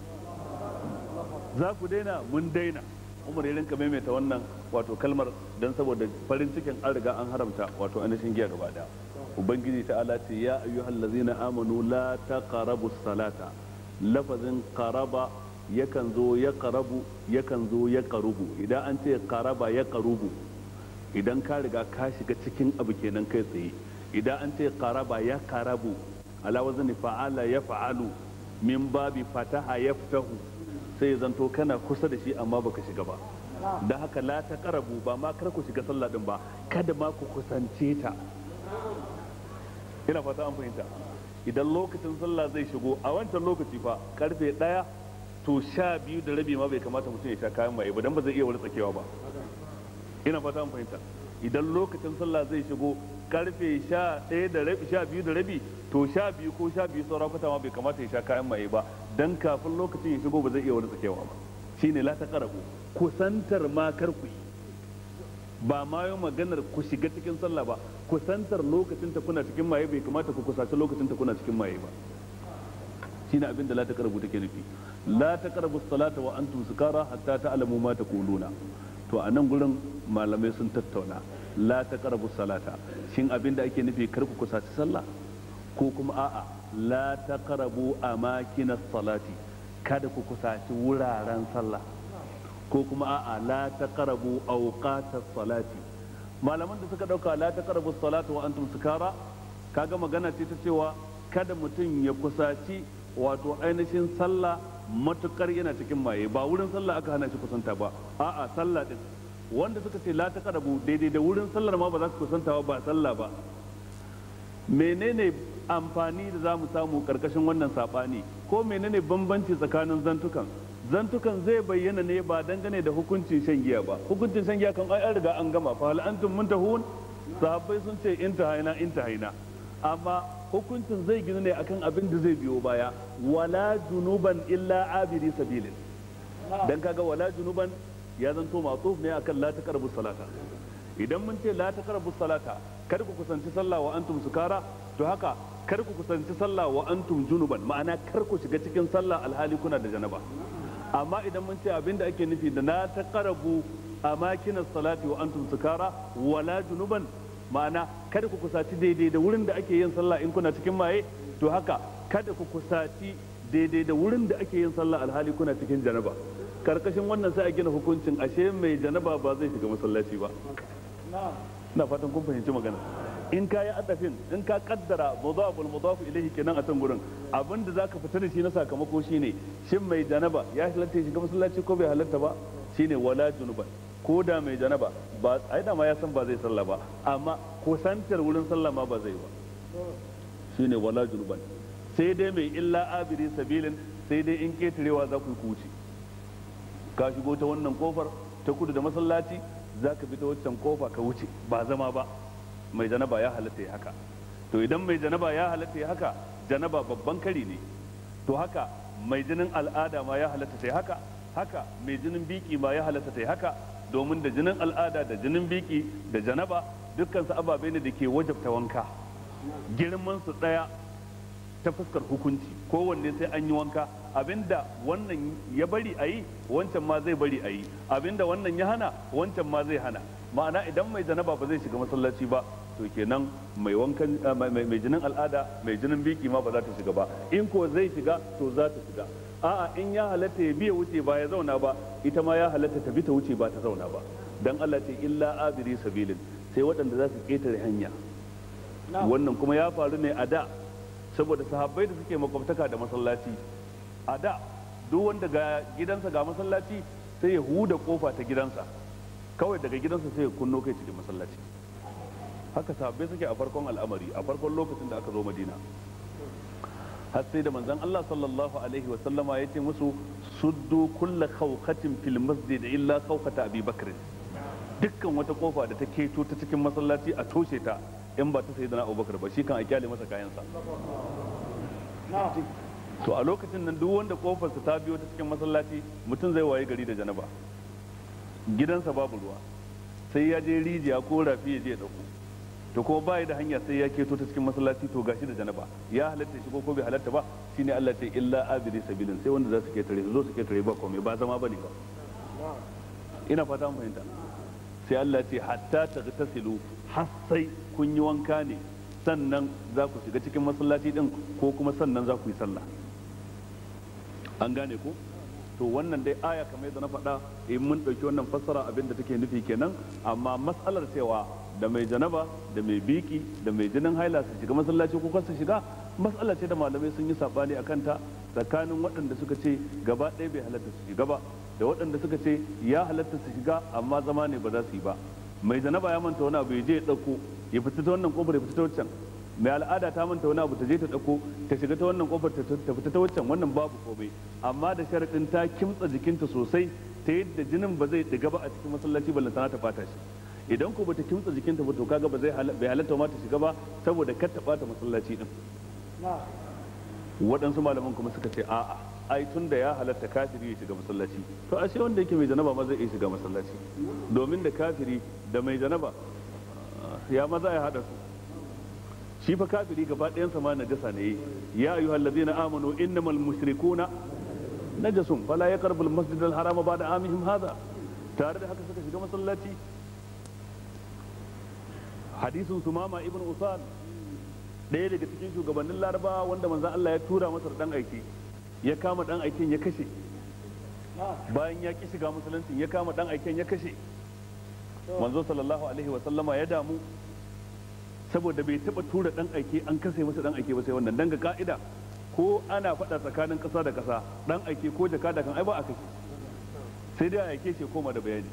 za ku daina mun daina umar ya rinka maimaita wannan wato kalmar don saboda farin cikin an riga an haramta wato anishin giya gaba da ubangiji ta ala ce ya ayyuhal halazina amanu la ta karabu salata lafazin karaba yakan zo ya karabu yakan zo ya karubu idan an ce karaba ya karubu idan ka riga ka shiga cikin abu kenan kai tsaye idan an ce karaba ya karabu ala wazni fa'ala ya fa'alu min babi fataha yaftahu sai zanto kana kusa da shi amma baka shiga ba da haka la ta karabu ba ma kar ku shiga sallah din ba kada ma ku kusance ta ina fata an fahimta idan lokacin sallah zai shigo a wancan lokaci fa karfe daya to sha biyu da rabi ma bai kamata mutum ya sha kayan maye ba dan ba zai iya wani tsakewa ba ina fata an fahimta idan lokacin sallah zai shigo karfe sha ɗaya da rabi sha biyu da rabi to sha biyu ko sha biyu sauran kwata ma bai kamata ya sha kayan maye ba dan kafin lokacin ya shigo ba zai iya wani tsakewa ba shine la ta karabu kusantar ma karku ba ma yau maganar ku shiga cikin sallah ba kusantar lokacin ta kuna cikin maye bai kamata ku kusaci lokacin ta kuna cikin maye ba shine abin da la ta karabu take nufi la ta karabu salata wa antum sukara hatta ta'lamu ma taquluna to a nan gurin malamai sun tattauna la taqrabu salata shin abinda da ake nufi kar ku kusaci sallah ko kuma a'a la a makina salati kada ku kusaci wuraren sallah ko kuma a'a la taqrabu awqatas salati malaman da suka dauka la taqrabu salata wa antum sukara kaga magana ce ta cewa kada mutum ya kusaci wato ainihin sallah matukar yana cikin maye ba wurin sallah aka hana shi kusanta ba a'a sallah din wanda suka ce la taqrabu daidai da wurin sallar ma ba za su kusanta ba sallah ba menene amfani da za mu samu karkashin wannan sabani ko menene bambanci tsakanin zantukan zantukan zai bayyana ne ba dangane da hukuncin shan giya ba hukuncin shan giya kan ai an riga an gama fa hal antum muntahun sahabbai sun ce intahaina haina amma hukuncin zai gina ne akan abin da zai biyo baya wala junuban illa abiri sabilin dan kaga wala junuban ya zanto matsuf ne akan la taqrabu salata idan mun ce la taqrabu salata kar ku kusanci sallah wa antum sukara to haka kar ku kusanci sallah wa antum junuban ma'ana kar ku shiga cikin sallah alhali kuna da janaba amma idan mun ce abinda ake nufi da la taqrabu amakinas salati wa antum sukara wala junuban ma'ana kada ku kusaci daidai da wurin da ake yin sallah in kuna cikin maye to haka kada ku kusaci daidai da wurin da ake yin sallah alhali kuna cikin janaba karkashin wannan sai a gina hukuncin ashe mai janaba ba zai shiga masallaci ba na fatan kun fahimci magana in ka yi adafin in ka kaddara mudaful mudafu ilaihi kenan a can gurin abin da zaka fita da shi na sakamako shine shin mai janaba ya halatta shiga masallaci ko bai halatta ba shine wala junuban ko da mai janaba ba ai da ma ya san ba zai sallah ba amma kusantar wurin sallah ma ba zai ba shine wala junuban sai dai mai illa abiri sabilin sai dai in ketarewa za ku yi kuci ka shigo ta wannan kofar ta kudu da masallaci za ka bi ta waccan kofa ka wuce ba zama ba mai janaba ya halatta ya haka to idan mai janaba ya halatta ya haka janaba babban kari ne to haka mai jinin al'ada ma ya halatta ta haka haka mai jinin biki ma ya halatta ta haka domin da jinin al'ada da jinin biki da janaba dukkan su ababe ne da ke wajabta wanka girman su daya ta fuskar hukunci kowanne sai an yi wanka abinda wannan ya bari a yi wancan ma zai bari a yi abinda wannan ya hana wancan ma zai hana ma'ana idan mai janaba ba zai shiga masallaci ba to kenan mai wankan eh, mai jinin al'ada mai jinin biki ma ba za ta shiga ba in ko zai shiga to za ta shiga a'a in ya halatta ya biya wuce ba ya zauna ba ita ma ya halatta ta bi ta wuce ba ta zauna ba dan Allah ce illa abiri sabilin sai waɗanda za su ƙetare hanya wannan kuma ya faru ne a da saboda sahabbai da suke makwabtaka da masallaci a da duk wanda ga gidansa ga masallaci sai ya huda kofa ta gidansa kawai daga gidansa sai ya kunno kai cikin masallaci haka sahabbai suke a farkon al'amari a farkon lokacin da aka zo madina har sai da manzon Allah sallallahu alaihi wa sallama ya ce musu suddu kullu khawqatin fil masjid illa khawqata Abi Bakr dukkan wata kofa da ta keto ta cikin masallaci a toshe ta in ba ta sayyidina Abubakar ba shi kan a kyale masa kayansa to a lokacin nan duk wanda kofarsa ta biyo ta cikin masallaci mutum zai waye gari da janaba gidansa babu ruwa sai ya je rijiya ko rafi ya je ya dauko to kuma bai da hanya sai ya keto ta cikin masallaci to gashi da janaba ya halatta shi ko ko bai halatta ba shine Allah ta illa abiri sabilin sai wanda za su ketare su zo su ketare ba komai ba zama bane ba ina fata mun fahimta sai Allah ce hatta tagtasilu har sai kun yi wanka ne sannan za ku shiga cikin masallaci din ko kuma sannan za ku yi sallah an gane ko to wannan dai aya kamar yadda na faɗa in eh, mun ɗauki wannan fassara abin da take nufi kenan amma matsalar cewa da mai janaba da mai biki da mai jinin haila su shiga masallaci ko kasu shiga matsala ce da malamai sun yi saɓani a kanta tsakanin waɗanda suka ce gaba ɗaya bai halatta su shiga ba da waɗanda suka ce ya halatta su shiga amma zama ne ba za su yi ba mai janaba ya manta wani abu ya je ya ɗauko ya fita ta wannan kofar ya fita ta wancan mai al'ada ta manta wani abu ta je ta dauko ta shiga ta wannan kofar ta fita ta waccan wannan babu komai amma da sharadin ta kimtsa jikinta sosai ta yadda jinin ba zai diga ba a cikin masallaci lantana ta fata shi idan ko bata kimtsa jikinta ba to kaga ba zai bai halatta ma ta shiga ba saboda kar ta bata masallaci din waɗansu malaman kuma suka ce a'a ai tun da ya halatta kafiri ya shiga masallaci to ashe wanda yake mai janaba ma zai iya shiga masallaci domin da kafiri da mai janaba ya maza ya hada su shi fa kafiri gaba ɗayan sama najasa ne ya ayu na amanu innamal mushrikuna najasun fala masjid al harama ba'da amihim haza tare da haka suka shiga masallaci su Mama ibn usal ɗaya daga cikin shugabannin laraba wanda manzan Allah ya tura masa dan aiki ya kama dan aikin ya kashe bayan ya ki shiga musulunci ya kama dan aikin ya kashe manzo sallallahu alaihi wa sallama ya damu saboda bai taba tura dan aike an kase masa dan aike ba sai wannan danga ka'ida ko ana faɗa tsakanin ƙasa da ƙasa dan aike ko jaka da kan ai ba a kashe sai dai aike shi koma da bayani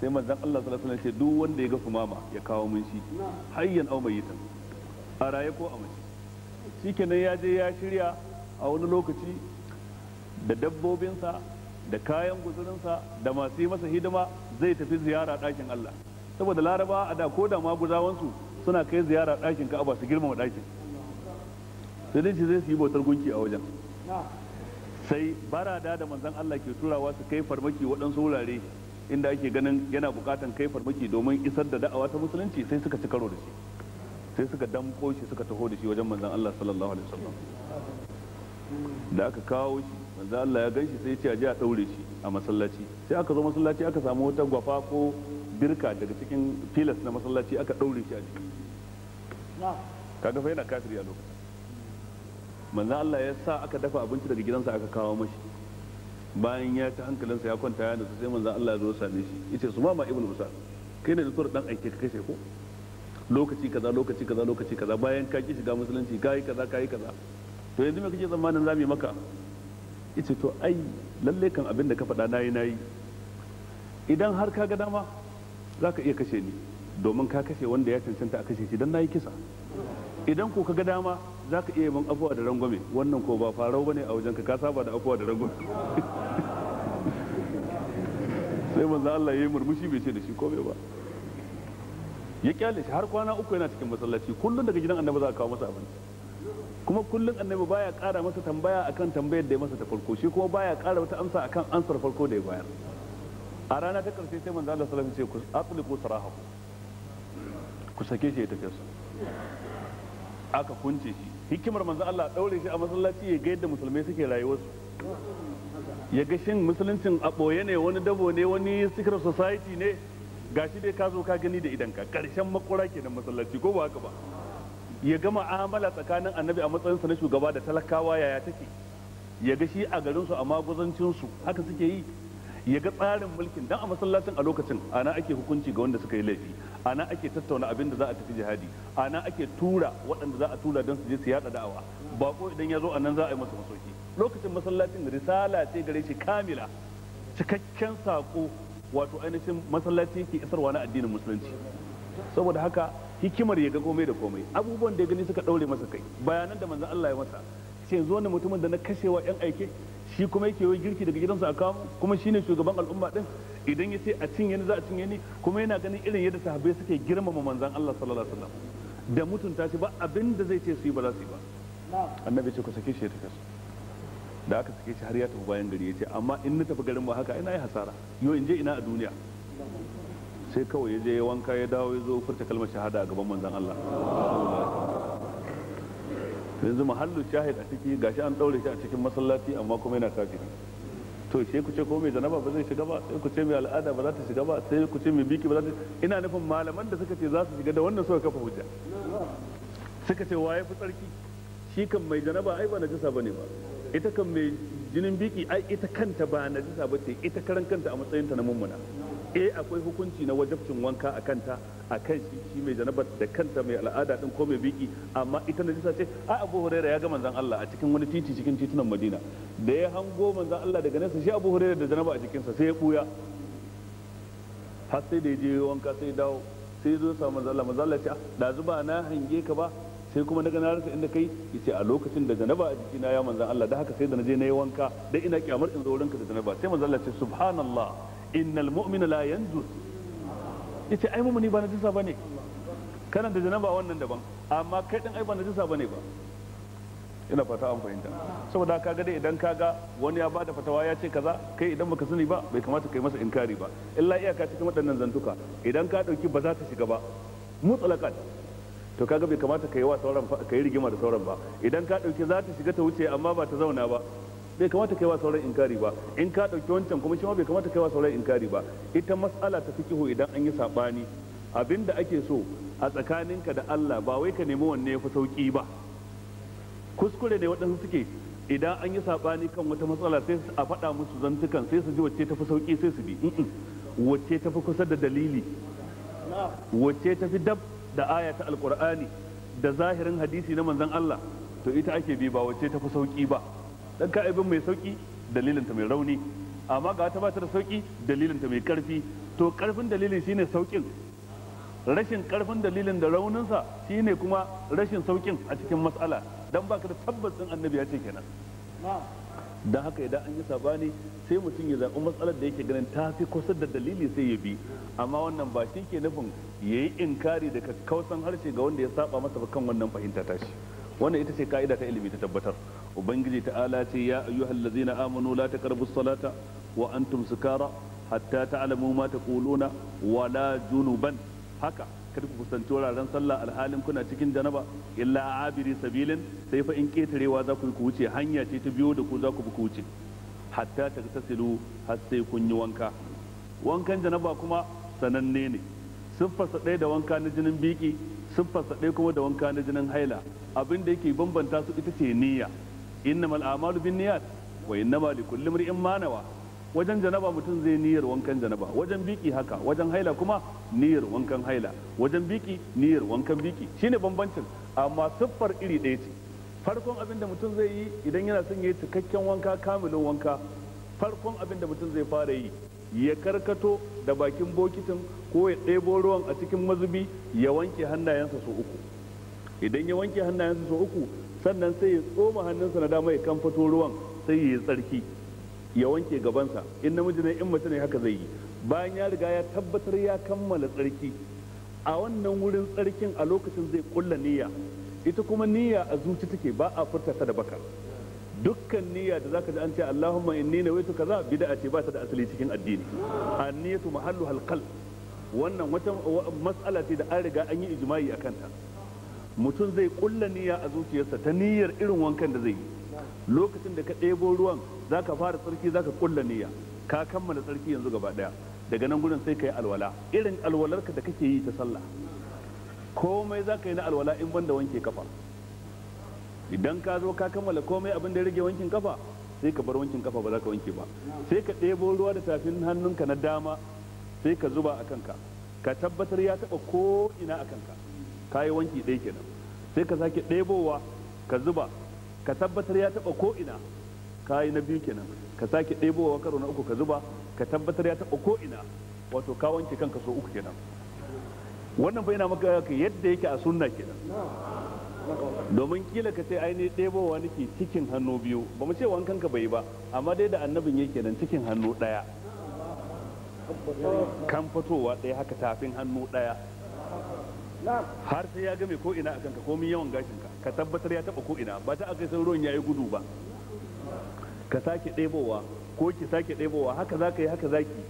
sai manzon Allah sallallahu alaihi wasallam ce duk wanda ya ga kumama ya kawo mun shi hayyan aw mayitan a raye ko a mace shikenan ya je ya shirya a wani lokaci da dabbobinsa da kayan guzurinsa da masu yi masa hidima zai tafi ziyara ɗakin Allah saboda laraba a da ko da guzawansu suna kai ziyara ɗakin ka'aba su girmama ɗakin sai dai zai su yi bautar gunki a wajen sai barada da manzan Allah ke turawa su kai farmaki waɗansu wurare inda ake ganin yana bukatan kai farmaki domin isar da da'awa ta musulunci sai suka ci karo da shi sai suka damko shi suka taho da shi wajen manzan Allah sallallahu alaihi wasallam da aka kawo shi manzan Allah ya ganshi sai ya ce a je a daure shi a masallaci sai aka zo masallaci aka samu wata gwafa ko birka daga cikin filas na masallaci aka ɗaure shi a jiki kaga fa yana kafiri a lokacin manzan Allah ya sa aka dafa abinci daga gidansa aka kawo mashi bayan ya ci hankalinsa ya kwanta ya nasu sai manzan Allah ya zo same shi ita su mama ibnu musa kai ne zuwa tura dan aike ka kashe ko lokaci kaza lokaci kaza lokaci kaza bayan ka ki shiga musulunci kai kaza kai kaza to yanzu me kake tsammanin zamu yi maka ita to ai lalle kan abin da ka faɗa nayi nayi idan har ka ga dama za ka iya kashe ni domin ka kashe wanda ya cancanta a kashe shi don na yi kisa idan ko ka ga dama za ka iya min afuwa da rangwame wannan ko ba farau ba ne a wajen ka saba da afuwa da rangwame sai manzo Allah ya yi murmushi bai ce da shi komai ba ya kyale shi har kwana uku yana cikin masallaci kullum daga gidan annabi za a kawo masa abinci kuma kullum annabi baya kara masa tambaya akan tambayar da ya masa ta farko shi kuma baya kara wata amsa akan ansar farko da ya bayar a rana ta karshe sai manzo Allah sallallahu alaihi wasallam ce atliqu sarahahu ku sake shi ya tafi sa. aka kunce shi hikimar manzo Allah daure shi a masallaci ya ga yadda musulmai suke rayuwar su ya ga shin musuluncin a boye ne wani dabo ne wani secret society ne gashi dai ka zo ka gani da idan ka karshen makura kenan masallaci ko ba haka ba ya gama ma'amala tsakanin annabi a sa na shugaba da talakawa yaya take ya ga shi a garinsu a maguzancin su haka suke yi ya ga tsarin mulkin dan a masallacin a lokacin ana ake hukunci ga wanda suka yi laifi ana ake tattauna abin da za a tafi jihadi ana ake tura waɗanda za a tura don su je su yada da'awa bako idan ya zo a nan za a yi masa masoki lokacin masallacin risala ce gare shi kamila cikakken sako wato ainihin masallaci ke isarwa na addinin musulunci saboda haka hikimar ya ga komai da komai abubuwan da ya gani suka ɗaure masa kai bayanan da manzan Allah ya masa ce zo ne mutumin da na kashewa yan aike shi kuma yake yi girki daga gidansa a kawo kuma shine shugaban al'umma din idan ya ce a cinye ni za a cinye ni kuma yana ganin irin yadda sahabai suke girmama manzan Allah sallallahu alaihi wasallam da mutunta shi ba abin da zai ce su yi ba za su yi ba annabi ce ku sake shi ya tafi da aka sake shi har ya tafi bayan gari ya ce amma in na tafi garin ba haka ina yi hasara yo in je ina a duniya sai kawai ya je ya wanka ya dawo ya zo furta kalmar shahada a gaban manzan Allah yanzu mahallu shahid a ciki gashi an daure shi a cikin masallaci amma kuma yana kafiri to sai ku ce ko mai janaba ba zai shiga ba sai ku ce mai al'ada ba za ta shiga ba sai ku ce mai biki ba za ta ina nufin malaman da suka ce za su shiga da wannan suka kafa hujja suka ce waye fi tsarki shi kan mai janaba ai ba najisa bane ba ita kan mai jinin biki ai ita kanta ba najisa ba ce ita karan kanta a matsayinta na mummuna eh akwai hukunci na wajabcin wanka a kanta a kan shi shi mai janaba da kanta mai al'ada din ko mai biki amma ita jisa ce a Abu Hurairah ya ga manzon Allah a cikin wani titi cikin titunan Madina da ya hango manzon Allah daga nesa shi Abu Hurairah da janaba a jikinsa sai ya buya har sai da ya je wanka sai dawo sai ya zo sa manzon Allah manzon Allah ya ce da ah, zuba na hange ka ba sai kuma na rasa inda kai yace a lokacin da janaba a jikina ya manzon Allah da haka sai da na je na yi wanka da ina kyamar in zo wurinka da janaba sai manzon Allah ya ce subhanallah innal mu'mina la yanjus yace ai mu'mini ba najisa bane kana da janaba wannan daban amma kai din ai ba najisa bane ba ina fata an fahimta saboda ka ga dai idan ka ga wani ya bada fatawa ya ce kaza kai idan baka sani ba bai kamata kai masa inkari ba illa iyaka cikin waɗannan zantuka idan ka dauki ba za ta shiga ba mutsalakat to kaga bai kamata kai wa sauran kai rigima da sauran ba idan ka dauki za ta shiga ta wuce amma ba ta zauna ba bai kamata kai wa sauran inkari ba in ka dauki wancan kuma shi ma bai kamata kai wa sauran inkari ba ita mas'ala ta fikihu idan an yi sabani abinda ake so a tsakaninka da Allah ba wai ka nemi wanne ya fi sauki ba kuskure ne waɗansu suke idan an yi sabani kan wata mas'ala sai a faɗa musu zantukan sai su ji wacce ta fi sauki sai su bi wacce ta fi kusa da dalili wacce ta fi dab da aya ta alkur'ani da zahirin hadisi na manzon Allah to ita ake bi ba wacce ta fi sauki ba dan ka aibin mai sauki dalilinta mai rauni amma ga ta bata da sauki dalilinta mai karfi to karfin dalilin shine saukin rashin karfin dalilin da rauninsa shine kuma rashin saukin a cikin matsala dan baka da tabbas annabi ya ce kenan dan haka idan an yi sabani sai mutum ya zaɓi matsalar da yake ganin ta fi kusa da dalili sai ya bi amma wannan ba shi ke nufin ya yi inkari da kakkausan harshe ga wanda ya saba masa kan wannan fahimta tashi. shi wannan ita ce ka'ida ta ilimi ta tabbatar ubangiji ala ce ya ayyuhallazina amanu la taqrabus salata wa antum sukara hatta ta'lamu ma taquluna wa la junuban haka kada ku kusanci wuraren sallah alhalin kuna cikin janaba illa abiri sabilin sai fa in ketarewa za ku ku wuce hanya ce ta biyo da ku za ku bi ku wuce hatta tagtasilu har sai kun yi wanka wankan janaba kuma sananne ne siffarsa ɗaya da wanka na jinin biki sun ɗaya kuma da wanka na jinin haila abin da yake bambanta su ita ce niyya innamal a'malu bin niyyat wa innama likulli imrin ma wajen janaba mutum zai niyyar wankan janaba wajen biki haka wajen haila kuma niyyar wankan haila wajen biki niyyar wankan biki shine bambancin amma siffar iri ɗaya ce farkon abinda da mutum zai yi idan yana son ya cikakken wanka kamilin wanka farkon abin da mutum zai fara yi ya karkato da bakin bokitin ko ya ɗebo ruwan a cikin mazubi ya wanke hannayensa su uku idan ya wanke hannayensa su uku sannan sai ya tsoma hannunsa na dama ya kamfato ruwan sai ya yi tsarki ya wanke gabansa in namiji ne in mace ne haka zai yi bayan ya riga ya tabbatar ya kammala tsarki a wannan wurin tsarkin a lokacin zai kulla niyya ita kuma niyya a zuci take ba a furta ta da baka dukkan niyya da zaka ji an ce Allahumma inni nawaitu kaza bid'a ce ba ta da asali cikin addini an-niyyatu mahallu halqal wannan wata mas'ala ce da an riga an yi ijma'i akan ta mutum zai kulla niyya a zuciyarsa ta niyyar irin wankan da zai yi lokacin da ka ɗebo ruwan zaka fara tsarki zaka kulla niyya ka kammala tsarki yanzu gaba daya daga nan gurin sai ka yi alwala irin alwalarka da kake yi ta sallah komai zaka yi na alwala in banda wanke kafa idan ka zo ka kammala komai abin da rage wankin kafa sai ka bar wankin kafa ba za ka wanke ba sai ka ɗebo ruwa da tafin hannunka na dama sai ka zuba a kanka ka tabbatar ya taɓa ko ina a kanka ka yi wanki ɗaya kenan sai ka sake ɗebowa ka zuba ka tabbatar ya taɓa ko ina ka yi na biyu kenan ka sake ɗebowa karo na uku ka zuba ka tabbatar ya taɓa ko ina wato ka wanke kanka so uku kenan wannan bai na maka yadda yake a sunna kenan domin kila ka ce aini ɗebowa nake cikin hannu biyu ba mu ce wankan ka bai ba amma dai da annabin yake nan cikin hannu ɗaya kan fitowa ɗaya haka tafin hannu ɗaya har sai ya game ko ina kanka ko komin yawan gashin ka ka tabbatar ya taba ko ina ba ta aka sai ruwan yi gudu ba ka sake ɗebowa ko ki sake ɗebowa haka za ka yi haka za ki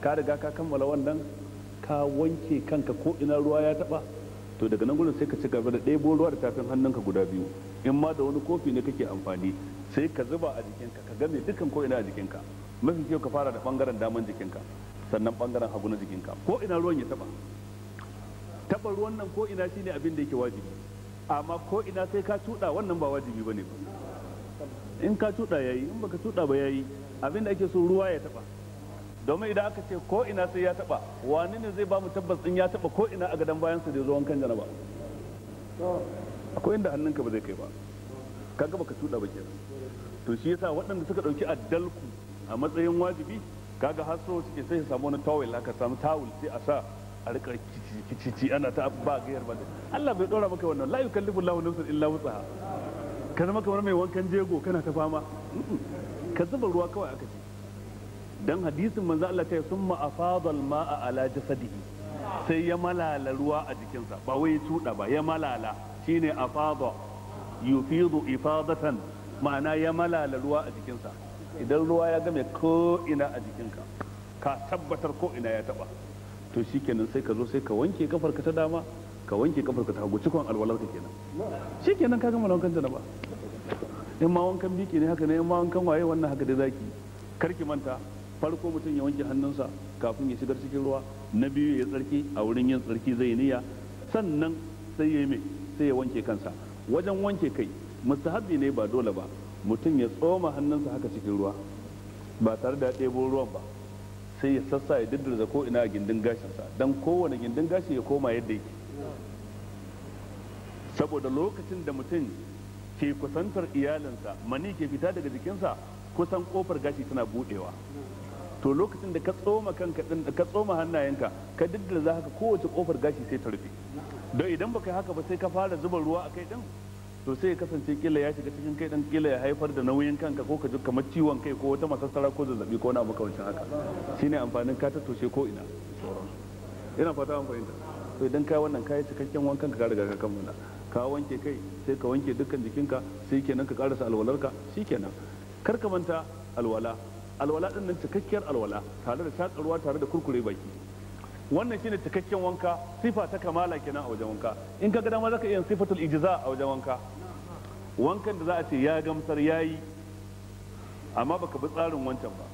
ka riga ka kammala wannan ka wanke kanka ko ina ruwa ya taba to daga nan gurin sai ka ci gaba da ɗebo ruwa da tafin hannunka guda biyu in ma da wani kofi ne kake amfani sai ka zuba a jikinka ka game dukkan ko ina a jikinka mafi kyau ka fara da bangaren daman jikinka sannan bangaren hagu na jikinka ko ina ruwan ya taba taba ruwan nan ko ina shine abin da yake wajibi amma ko ina sai ka tuda wannan ba wajibi bane ba in ka tuda yayi in baka tuda ba yayi abin da ake so ruwa ya taba domin idan aka ce ko ina sai ya taba wani ne zai ba mu tabbas din ya taba ko ina a gadon bayan sa da zo wankan ba akwai inda hannunka ba zai kai ba kaga baka tuda ba kenan to shi yasa waɗanda suka dauki addalku a matsayin wajibi kaga har so suke sai su samu wani tawul aka samu tawul sai a sa a rika kicici ana ta ba gayar ba Allah bai dora maka wannan la yukallifu Allahu nafsan illa wusaha kana maka wani mai wankan jego kana ta fama ka zuba ruwa kawai aka ce dan hadisin manzo Allah ta summa afadal ma'a ala jasadihi sai ya malala ruwa a jikinsa ba wai tuda ba ya malala shine afada yufidu ifadatan ma'ana ya malala ruwa a jikinsa idan ruwa ya game ko ina a jikinka ka tabbatar ko ina ya taba to shikenan sai ka zo sai ka wanke kafarka ta dama ka wanke kafarka ta hagu cikon alwalarka kenan shikenan ka gama wankan ba in ma wankan biki ne haka ne in ma wankan waye wannan haka da zaki karki manta farko mutum ya wanke hannunsa kafin ya shigar cikin ruwa na biyu ya tsarki a wurin yin tsarki zai niyya sannan sai ya yi sai ya wanke kansa wajen wanke kai mustahabbi ne ba dole ba mutum ya tsoma hannunsa haka cikin ruwa ba tare da ɗebo ruwan ba sai ya sassa ya diddirza ko ina a gindin gashinsa don kowane gindin gashi ya koma yadda yake saboda lokacin da mutum ke kusantar iyalinsa mani ke fita daga jikinsa kusan kofar gashi tana budewa to lokacin da ka tsoma kanka din ka tsoma hannayenka ka za ka kowace kofar gashi sai ta rufe don idan baka haka ba sai ka fara zuba ruwa a kai din to sai ya kasance kila ya shiga cikin kai din kila ya haifar da nauyin kanka ko ka ji kamar ciwon kai ko wata masassara ko zazzabi ko wani makawancin kawancin haka shine amfanin ka ta toshe ko ina ina fata an fahimta to idan kai wannan kai cikakken wankan ka ka riga ka kammala ka wanke kai sai ka wanke dukkan jikinka sai kenan ka karasa alwalarka shikenan kar ka manta alwala alwala din nan cikakkiyar alwala tare da tatsa tare da kurkure baki wannan shine cikakken wanka sifa ta kamala kenan a wajen wanka in ka ga dama zaka iya sifatul ijza a wajen wanka wankan da za a ce ya gamsar yayi amma baka bi tsarin wancan ba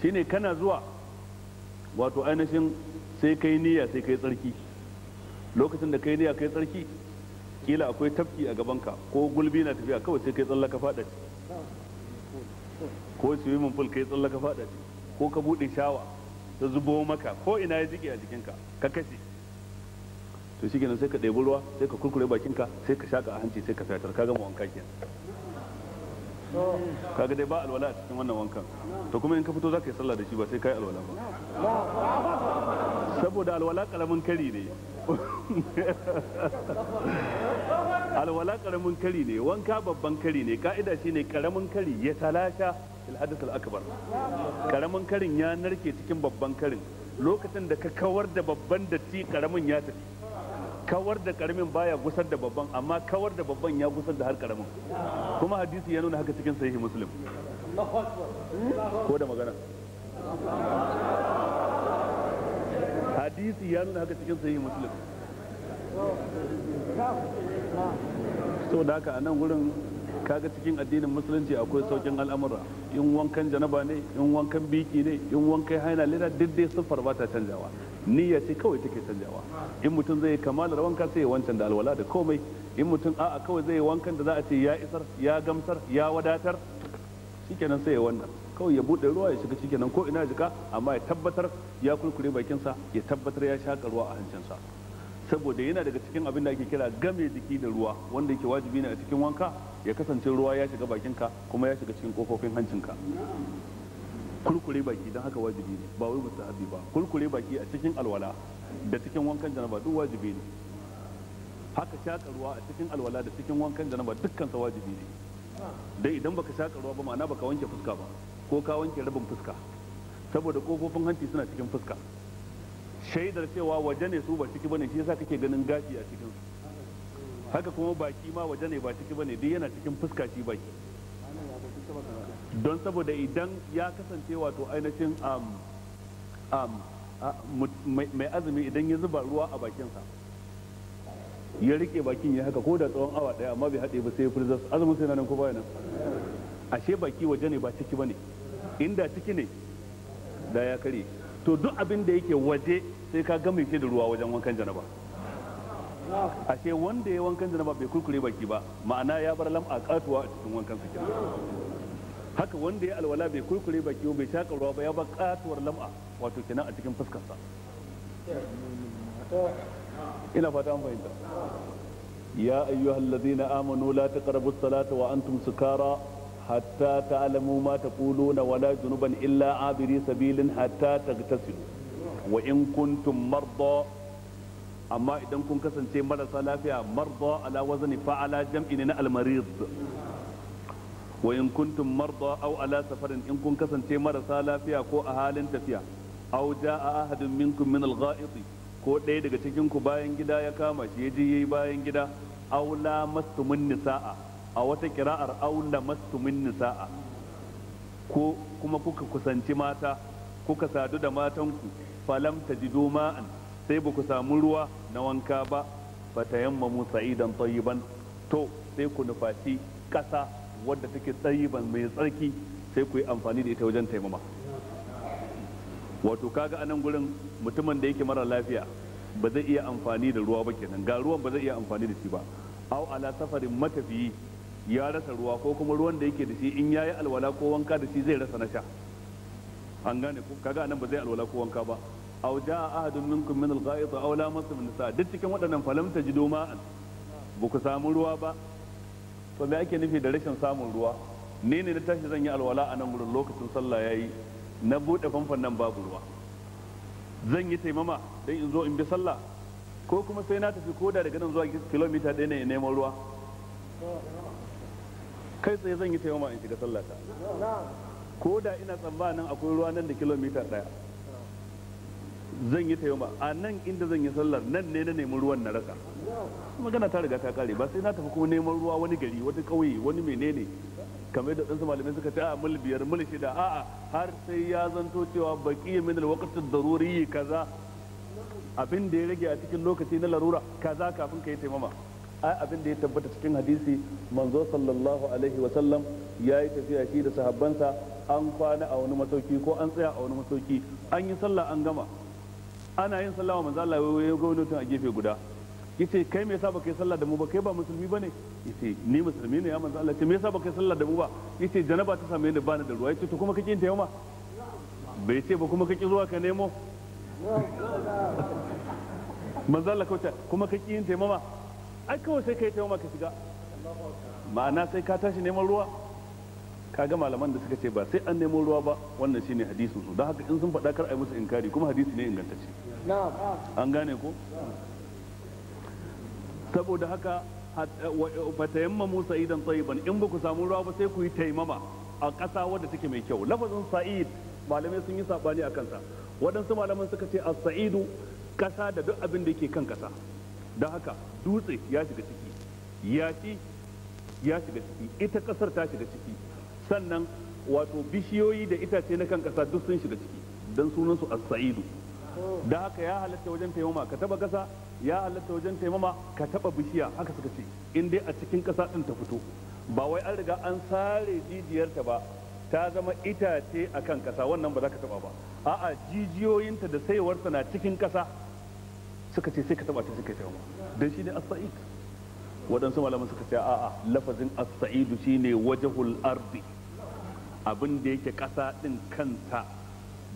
shine kana zuwa wato ainihin sai kai niyya sai kai tsarki lokacin da kai niyya kai tsarki kila akwai tafki a gabanka ko gulbi na tafiya kawai sai kai tsallaka faɗa ko swimming pool kai tsallaka fada ce ko ka bude shawa ta zubo maka ko ina ya jike a jikinka ka kashe to shi kenan sai ka ɗebi ruwa sai ka kurkure bakinka sai ka shaka a hanci sai ka fitar ka gama wanka kenan kaga dai ba alwala a cikin wannan wankan to kuma in ka fito za ka yi sallah da shi ba sai ka yi alwala ba saboda alwala karamin kari ne alwala karamin kari ne wanka babban kari ne ka'ida shine karamin kari ya talasha alhadith al karamin karin ya narke cikin babban karin lokacin da ka kawar da babban datti karamin ya tafi kawar da karamin baya gusar da babban amma kawar da babban ya gusar da har karamin kuma hadisi ya nuna haka cikin sahihi muslim ko da magana hadisi ya nuna haka cikin sahihi muslim saboda haka a nan wurin kaga cikin addinin musulunci akwai saukin al'amura in wankan janaba ne in wankan biki ne in wankan haina lera duk dai siffar ba ta canjawa niyya ce kawai take canjawa in mutum zai kamalar wanka sai ya wancan da alwala da komai in mutum a'a kawai zai wankan da za a ce ya isar ya gamsar ya wadatar shikenan sai ya wannan kawai ya bude ruwa ya shiga shikenan ko ina jika amma ya tabbatar ya kurkure bakinsa ya tabbatar ya shaƙa ruwa a hancinsa saboda yana daga cikin abin da ake kira game jiki da ruwa wanda yake wajibi ne a cikin wanka ya kasance ruwa ya shiga bakinka kuma ya shiga cikin kofofin hancinka kurkure baki don haka wajibi ne ba wai mustahabi ba kurkure baki a cikin alwala da cikin wankan janaba duk wajibi ne haka shaka ruwa a cikin alwala da cikin wankan janaba dukkan sa wajibi ne dai idan baka shaka ruwa ba ma'ana baka wanke fuska ba ko ka wanke rabin fuska saboda kofofin hanci suna cikin fuska shaidar cewa waje ne su ba ciki bane shi yasa kake ganin gashi a cikin su haka kuma baki ma waje ne ba ciki bane duk yana cikin fuska shi baki don saboda idan ya kasance wato ainihin mai azumi idan ya zuba ruwa a bakinsa ya rike bakin ya haka ko da tsawon awa daya amma bai haɗe ba sai ya firzas azumin sai nan ko baya nan ashe baki waje ne ba ciki bane inda ciki ne da ya kare to duk abin da yake waje sai ka gama shi da ruwa wajen wankan janaba a ashe wanda ya wankan janaba bai kurkure baki ba ma'ana ya bar lam'a katuwa a cikin wankan sa haka wanda ya alwala bai kurkure baki bai shaka ruwa ba ya bar katuwar lam'a wato kenan a cikin fuskar sa ina fata an fahimta ya ayyuhal ladina amanu la taqrabu as-salata wa antum sukara hatta ta'lamu ma taquluna wala junuban illa abiri sabilin hatta tagtasilu wa in kuntum marda amma idan kun kasance marasa lafiya marda ala wazni fa'ala jam'i ne na almarid wa in kuntum marda aw ala safarin in kun kasance marasa lafiya ko a halin tafiya aw jaa ahadun minkum min al ko ɗaya daga cikin ku bayan gida ya kama shi yaji yayi bayan gida aw lamastumun nisaa a wata kira'ar aw lamastumun nisaa ko kuma kuka kusanci mata kuka sadu da matanku falam tajidu ma'an sai ba ku samu ruwa na wanka ba ba ta mu sa'idan tsayiban to sai ku nufaci ƙasa wadda take tsayiban mai tsarki sai ku yi amfani da ita wajen taimama wato kaga anan gurin mutumin da yake mara lafiya ba zai iya amfani da ruwa ba kenan ga ruwan ba zai iya amfani da shi ba au ala safarin matafiyi ya rasa ruwa ko kuma ruwan da yake da shi in yayi alwala ko wanka da shi zai rasa na sha an gane kaga anan ba zai alwala ko wanka ba aw jaa ahadun minkum min al-gha'it aw lamastum an-nisa duk cikin waɗannan falam tajidu ma'an ba ku samu ruwa ba to me ake nufi da rashin samun ruwa ni ne na tashi zan yi alwala a nan gurin lokacin sallah yayi na bude famfon nan babu ruwa zan yi taimama dan in zo in bi sallah ko kuma sai na tafi koda daga nan zuwa kilomita ɗaya ne neman ruwa kai tsaye zan yi taimama in shiga sallah ta ko da ina tsammanin akwai ruwa nan da kilomita ɗaya zan yi a nan inda zan yi sallar nan ne na neman ruwan na rasa magana ta riga ta kare ba sai na tafi kuma neman ruwa wani gari wani kauye wani menene kamar da ɗansu malamai suka ce a mil biyar mil shida a'a har sai ya zanto cewa baki min alwaqtin daruri kaza abin da ya rage a cikin lokaci na larura kaza kafin ka yi taimama ai abin da ya tabbata cikin hadisi manzo sallallahu alaihi wa sallam yayi tafiya shi da sahabbansa an kwana a wani masauki ko an tsaya a wani masauki an yi sallah an gama ana yin sallah wa manzo Allah ya ga wani a gefe guda yace kai me yasa baka yi sallah da mu ba kai ba musulmi bane yace ni musulmi ne ya manzo Allah ce me yasa baka yi sallah da mu ba yace janaba ta same ni bani da ruwa yace to kuma kake ta yau bai ce ba kuma kake zuwa ka nemo manzo Allah kauta kuma kake yin taimama ai kawai sai kai taimama ka shiga ma'ana sai ka tashi neman ruwa kaga malaman da suka ce ba sai an nemo ruwa ba wannan shine hadisin su don haka in sun faɗa kar a yi musu inkari kuma hadisi ne ingantacce an gane ko saboda haka fatayamma musa idan tsayiban in ba ku samu ruwa ba sai ku yi taimama a ƙasa wadda take mai kyau lafazin sa'id malamai sun yi saɓani a kansa waɗansu malaman suka ce a saidu ƙasa da duk abin da yake kan ƙasa don haka dutse ya shiga ciki yashi ya shiga ciki ita ƙasar ta shiga ciki sannan wato bishiyoyi da itace na kan kasa duk sun shiga ciki don sunansu su saidu da haka ya halatta wajen taimama ka taba kasa ya halatta wajen taimama ka taba bishiya haka suka ce in dai a cikin kasa din ta fito ba wai an riga an sare jijiyarta ba ta zama itace a kan kasa wannan ba za ka taba ba a'a jijiyoyinta da saiwarsa na cikin kasa suka ce sai ka taba ta suka taimama dan shi ne as-sa'id waɗansu malaman suka ce a'a lafazin as-sa'idu shine wajhul ardi abin da yake ƙasa ɗin kanta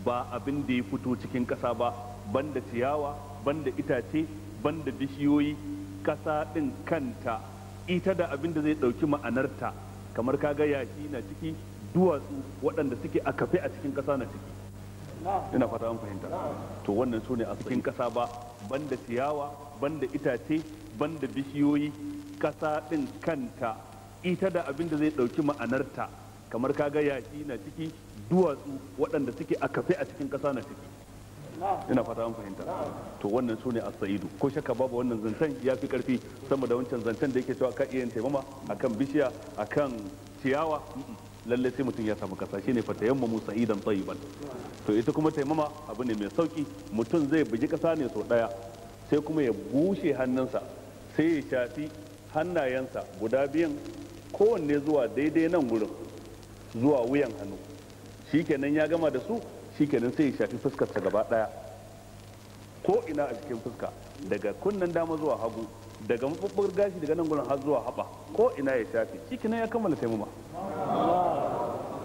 ba abin da ya fito cikin ƙasa ba banda ciyawa banda itace banda bishiyoyi ƙasa ɗin kanta ita da abin da zai ɗauki ma'anarta kamar kaga yashi na ciki duwatsu waɗanda suke a kafe a cikin ƙasa na ciki ina fata an fahimta to wannan su ne a cikin ƙasa ba banda ciyawa banda itace da bishiyoyi kasa ɗin kanta ita da abin da zai dauki ma'anarta kamar ka ga yashi na ciki duwatsu waɗanda suke a kafe a cikin kasa na ciki ina fata an fahimta to wannan sune a saidu ko shaka babu wannan zancen ya fi karfi sama da wancan zancen da yake cewa ka iya taimama kan bishiya a kan ciyawa lalle sai mutum ya samu kasa fata fa tayammamu sa'idan tsayiban to ita kuma taimama abu ne mai sauki mutum zai bugi kasa ne sau ɗaya sai kuma ya bushe hannunsa sai ya shafi hannayensa guda biyan kowanne zuwa daidai nan wurin zuwa wuyan hannu shikenan ya gama da su shikenan sai ya shafi fuskarsa gaba daya ko ina a cikin fuska daga kunnen dama zuwa hagu daga mafafar gashi daga nan gurin har zuwa haɓa ko ina ya shafi shikenan ya kammala taimama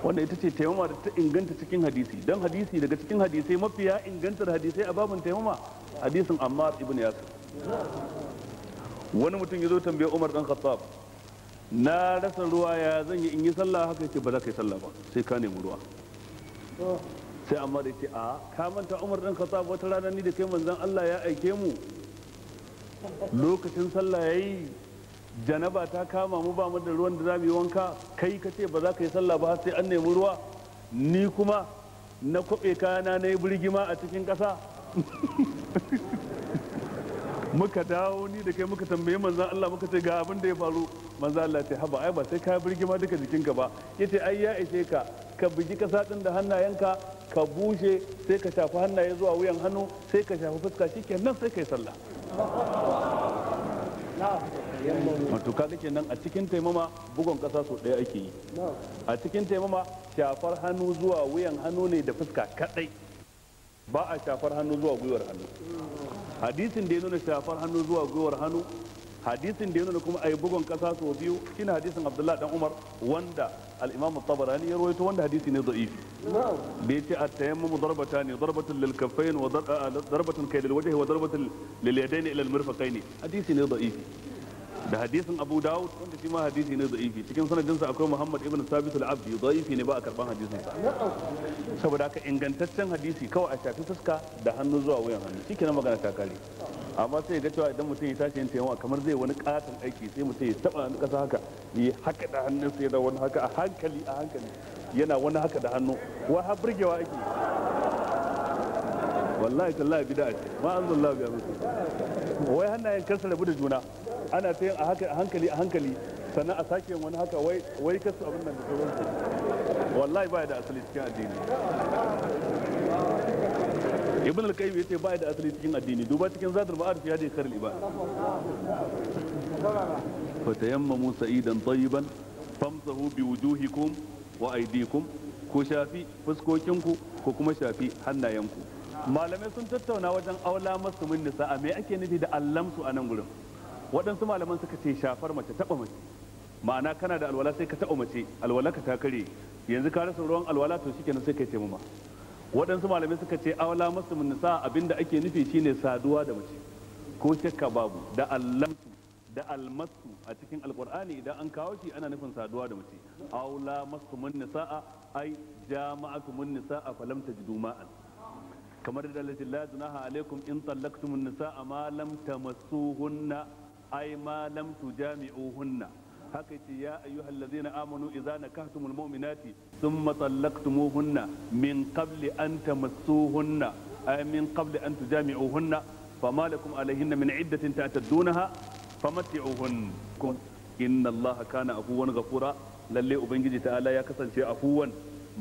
wanda ita ce taimama da ta inganta cikin hadisi don hadisi daga cikin hadisai mafiya ingantar hadisai a babin taimama hadisin ammar ibn yasir wani mutum ya zo tambaye umar dan khattab na rasa ruwa ya zan yi in yi sallah haka yake ba za ka yi sallah ba sai ka nemi ruwa sai amma da a ka manta umar dan khattab wata rana ni da kai manzon Allah ya aike mu lokacin sallah yayi janaba ta kama mu ba mu da ruwan da za mu yi wanka kai ka ce ba za ka yi sallah ba sai an nemi ruwa ni kuma na kwaɓe kayana na yi birgima a cikin ƙasa muka dawo ni da kai muka tambaye manzan Allah muka ce ga abin da ya faru manzan Allah ce haba ai ba sai ka birgima duka jikinka ba yace ai ya ishe ka ka bugi kasa din da hannayenka ka bushe sai ka shafi hannaye zuwa wuyan hannu sai ka shafi fuska shikenan sai kai sallah wato kaga kenan a cikin taimama bugon kasa so ɗaya ake yi a cikin taimama shafar hannu zuwa wuyan hannu ne da fuska kadai ba a shafar hannu zuwa gwiwar hannu hadisin da ya nuna shafar hannu zuwa gwiwar hannu hadisin da ya nuna kuma a yi bugun kasa sau biyu shine hadisin abdullahi dan umar wanda al-imam tabarani ya rawaito wanda hadisi ne da'ifi da yace at-tayammumu darbatani darbatun lil kaffayn wa darbatun kay lil wajhi wa darbatun lil yadayn ila al-mirfaqayn hadisi ne da'ifi da hadisin Abu Dawud wanda shi ma hadisi ne da'ifi cikin sanadin sa akwai Muhammad ibn Sabit al-Abdi da'ifi ne ba a karban hadisin sa saboda haka ingantaccen hadisi kawai a shafi fuska da hannu zuwa wuyan hannu shi kenan magana ta kare amma sai ga cewa idan mutum ya tashi yin tayawa kamar zai wani katon aiki sai mutum ya taba hannu kasa haka ya haka da hannun sai da wani haka a hankali a hankali yana wani haka da hannu wa har burgewa ake wallahi tallahi bid'a ma anzalallahu bi wai hannayen kansa rabu da juna ana ta yin a hankali a hankali sannan a sake wani haka wai kasu abin nan da sauransu wallahi baya da asali cikin addini ibn al-qayyim yace baya da asali cikin addini duba cikin zadar ma'arif ya dai karil ibad fa tayammamu sa'idan tayyiban famsahu bi wujuhikum wa aydikum ku shafi fuskokinku ku kuma shafi hannayenku malamai sun tattauna wajen aula masu min nisa a me ake nufi da allamsu a nan gurin waɗansu malaman suka ce shafar mace taɓa mace ma'ana kana da alwala sai ka taɓa mace alwala ka ta kare yanzu ka rasa ruwan alwala to shi kenan sai ka kai taimama waɗansu malamai suka ce awala masu nisa abinda ake nufi shine saduwa da mace ko shakka babu da allamsu da almasu a cikin alkur'ani idan an kawo shi ana nufin saduwa da mace awla masu nisa'a ai jama'atu mun nisa'a falam tajidu ma'an kamar da lati la junaha alaikum in tallaqtumun nisa'a ma lam tamassuhunna ai ma lam tujami'uhunna haka ce ya ayyuhal na amanu idza nakahtumul mu'minati thumma tallaqtumuhunna min qabli an tamassuhunna ay min qabli an tujami'uhunna fama lakum alaihinna min iddatin ta'taddunaha famatti'uhunna inna allaha kana afuwan ghafura lalle ubangiji ta'ala ya kasance afuwan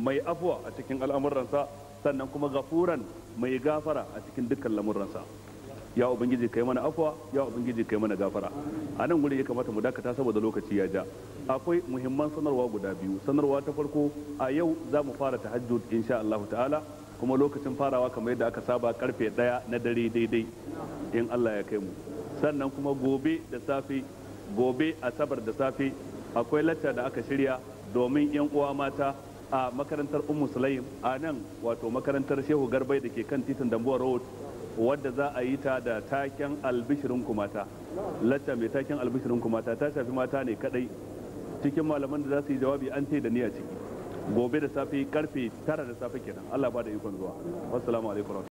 mai afuwa a cikin al'amuransa sannan kuma gafuran mai gafara a cikin dukkan lamuransa ya ubangiji kai mana afwa ya ubangiji kai mana gafara a nan gurin ya kamata mu dakata saboda lokaci ya ja akwai muhimman sanarwa guda biyu sanarwa ta farko a yau za mu fara tahajjud insha Allah ta'ala kuma lokacin farawa kamar yadda aka saba karfe daya na dare daidai in Allah ya kai mu sannan kuma gobe da safe gobe asabar da safe akwai lacca da aka shirya domin yan uwa mata a makarantar ummu sulaim a nan wato makarantar shehu garbai da ke kan titin dambuwa road wadda za a yi ta da taken albishirin kumata latta mai taken albishirin kumata ta shafi mata ne kadai cikin malaman da za su yi jawabi an ce da ni a ciki gobe da safe karfe tara da safe kenan Allah ba da ikon zuwa alaikum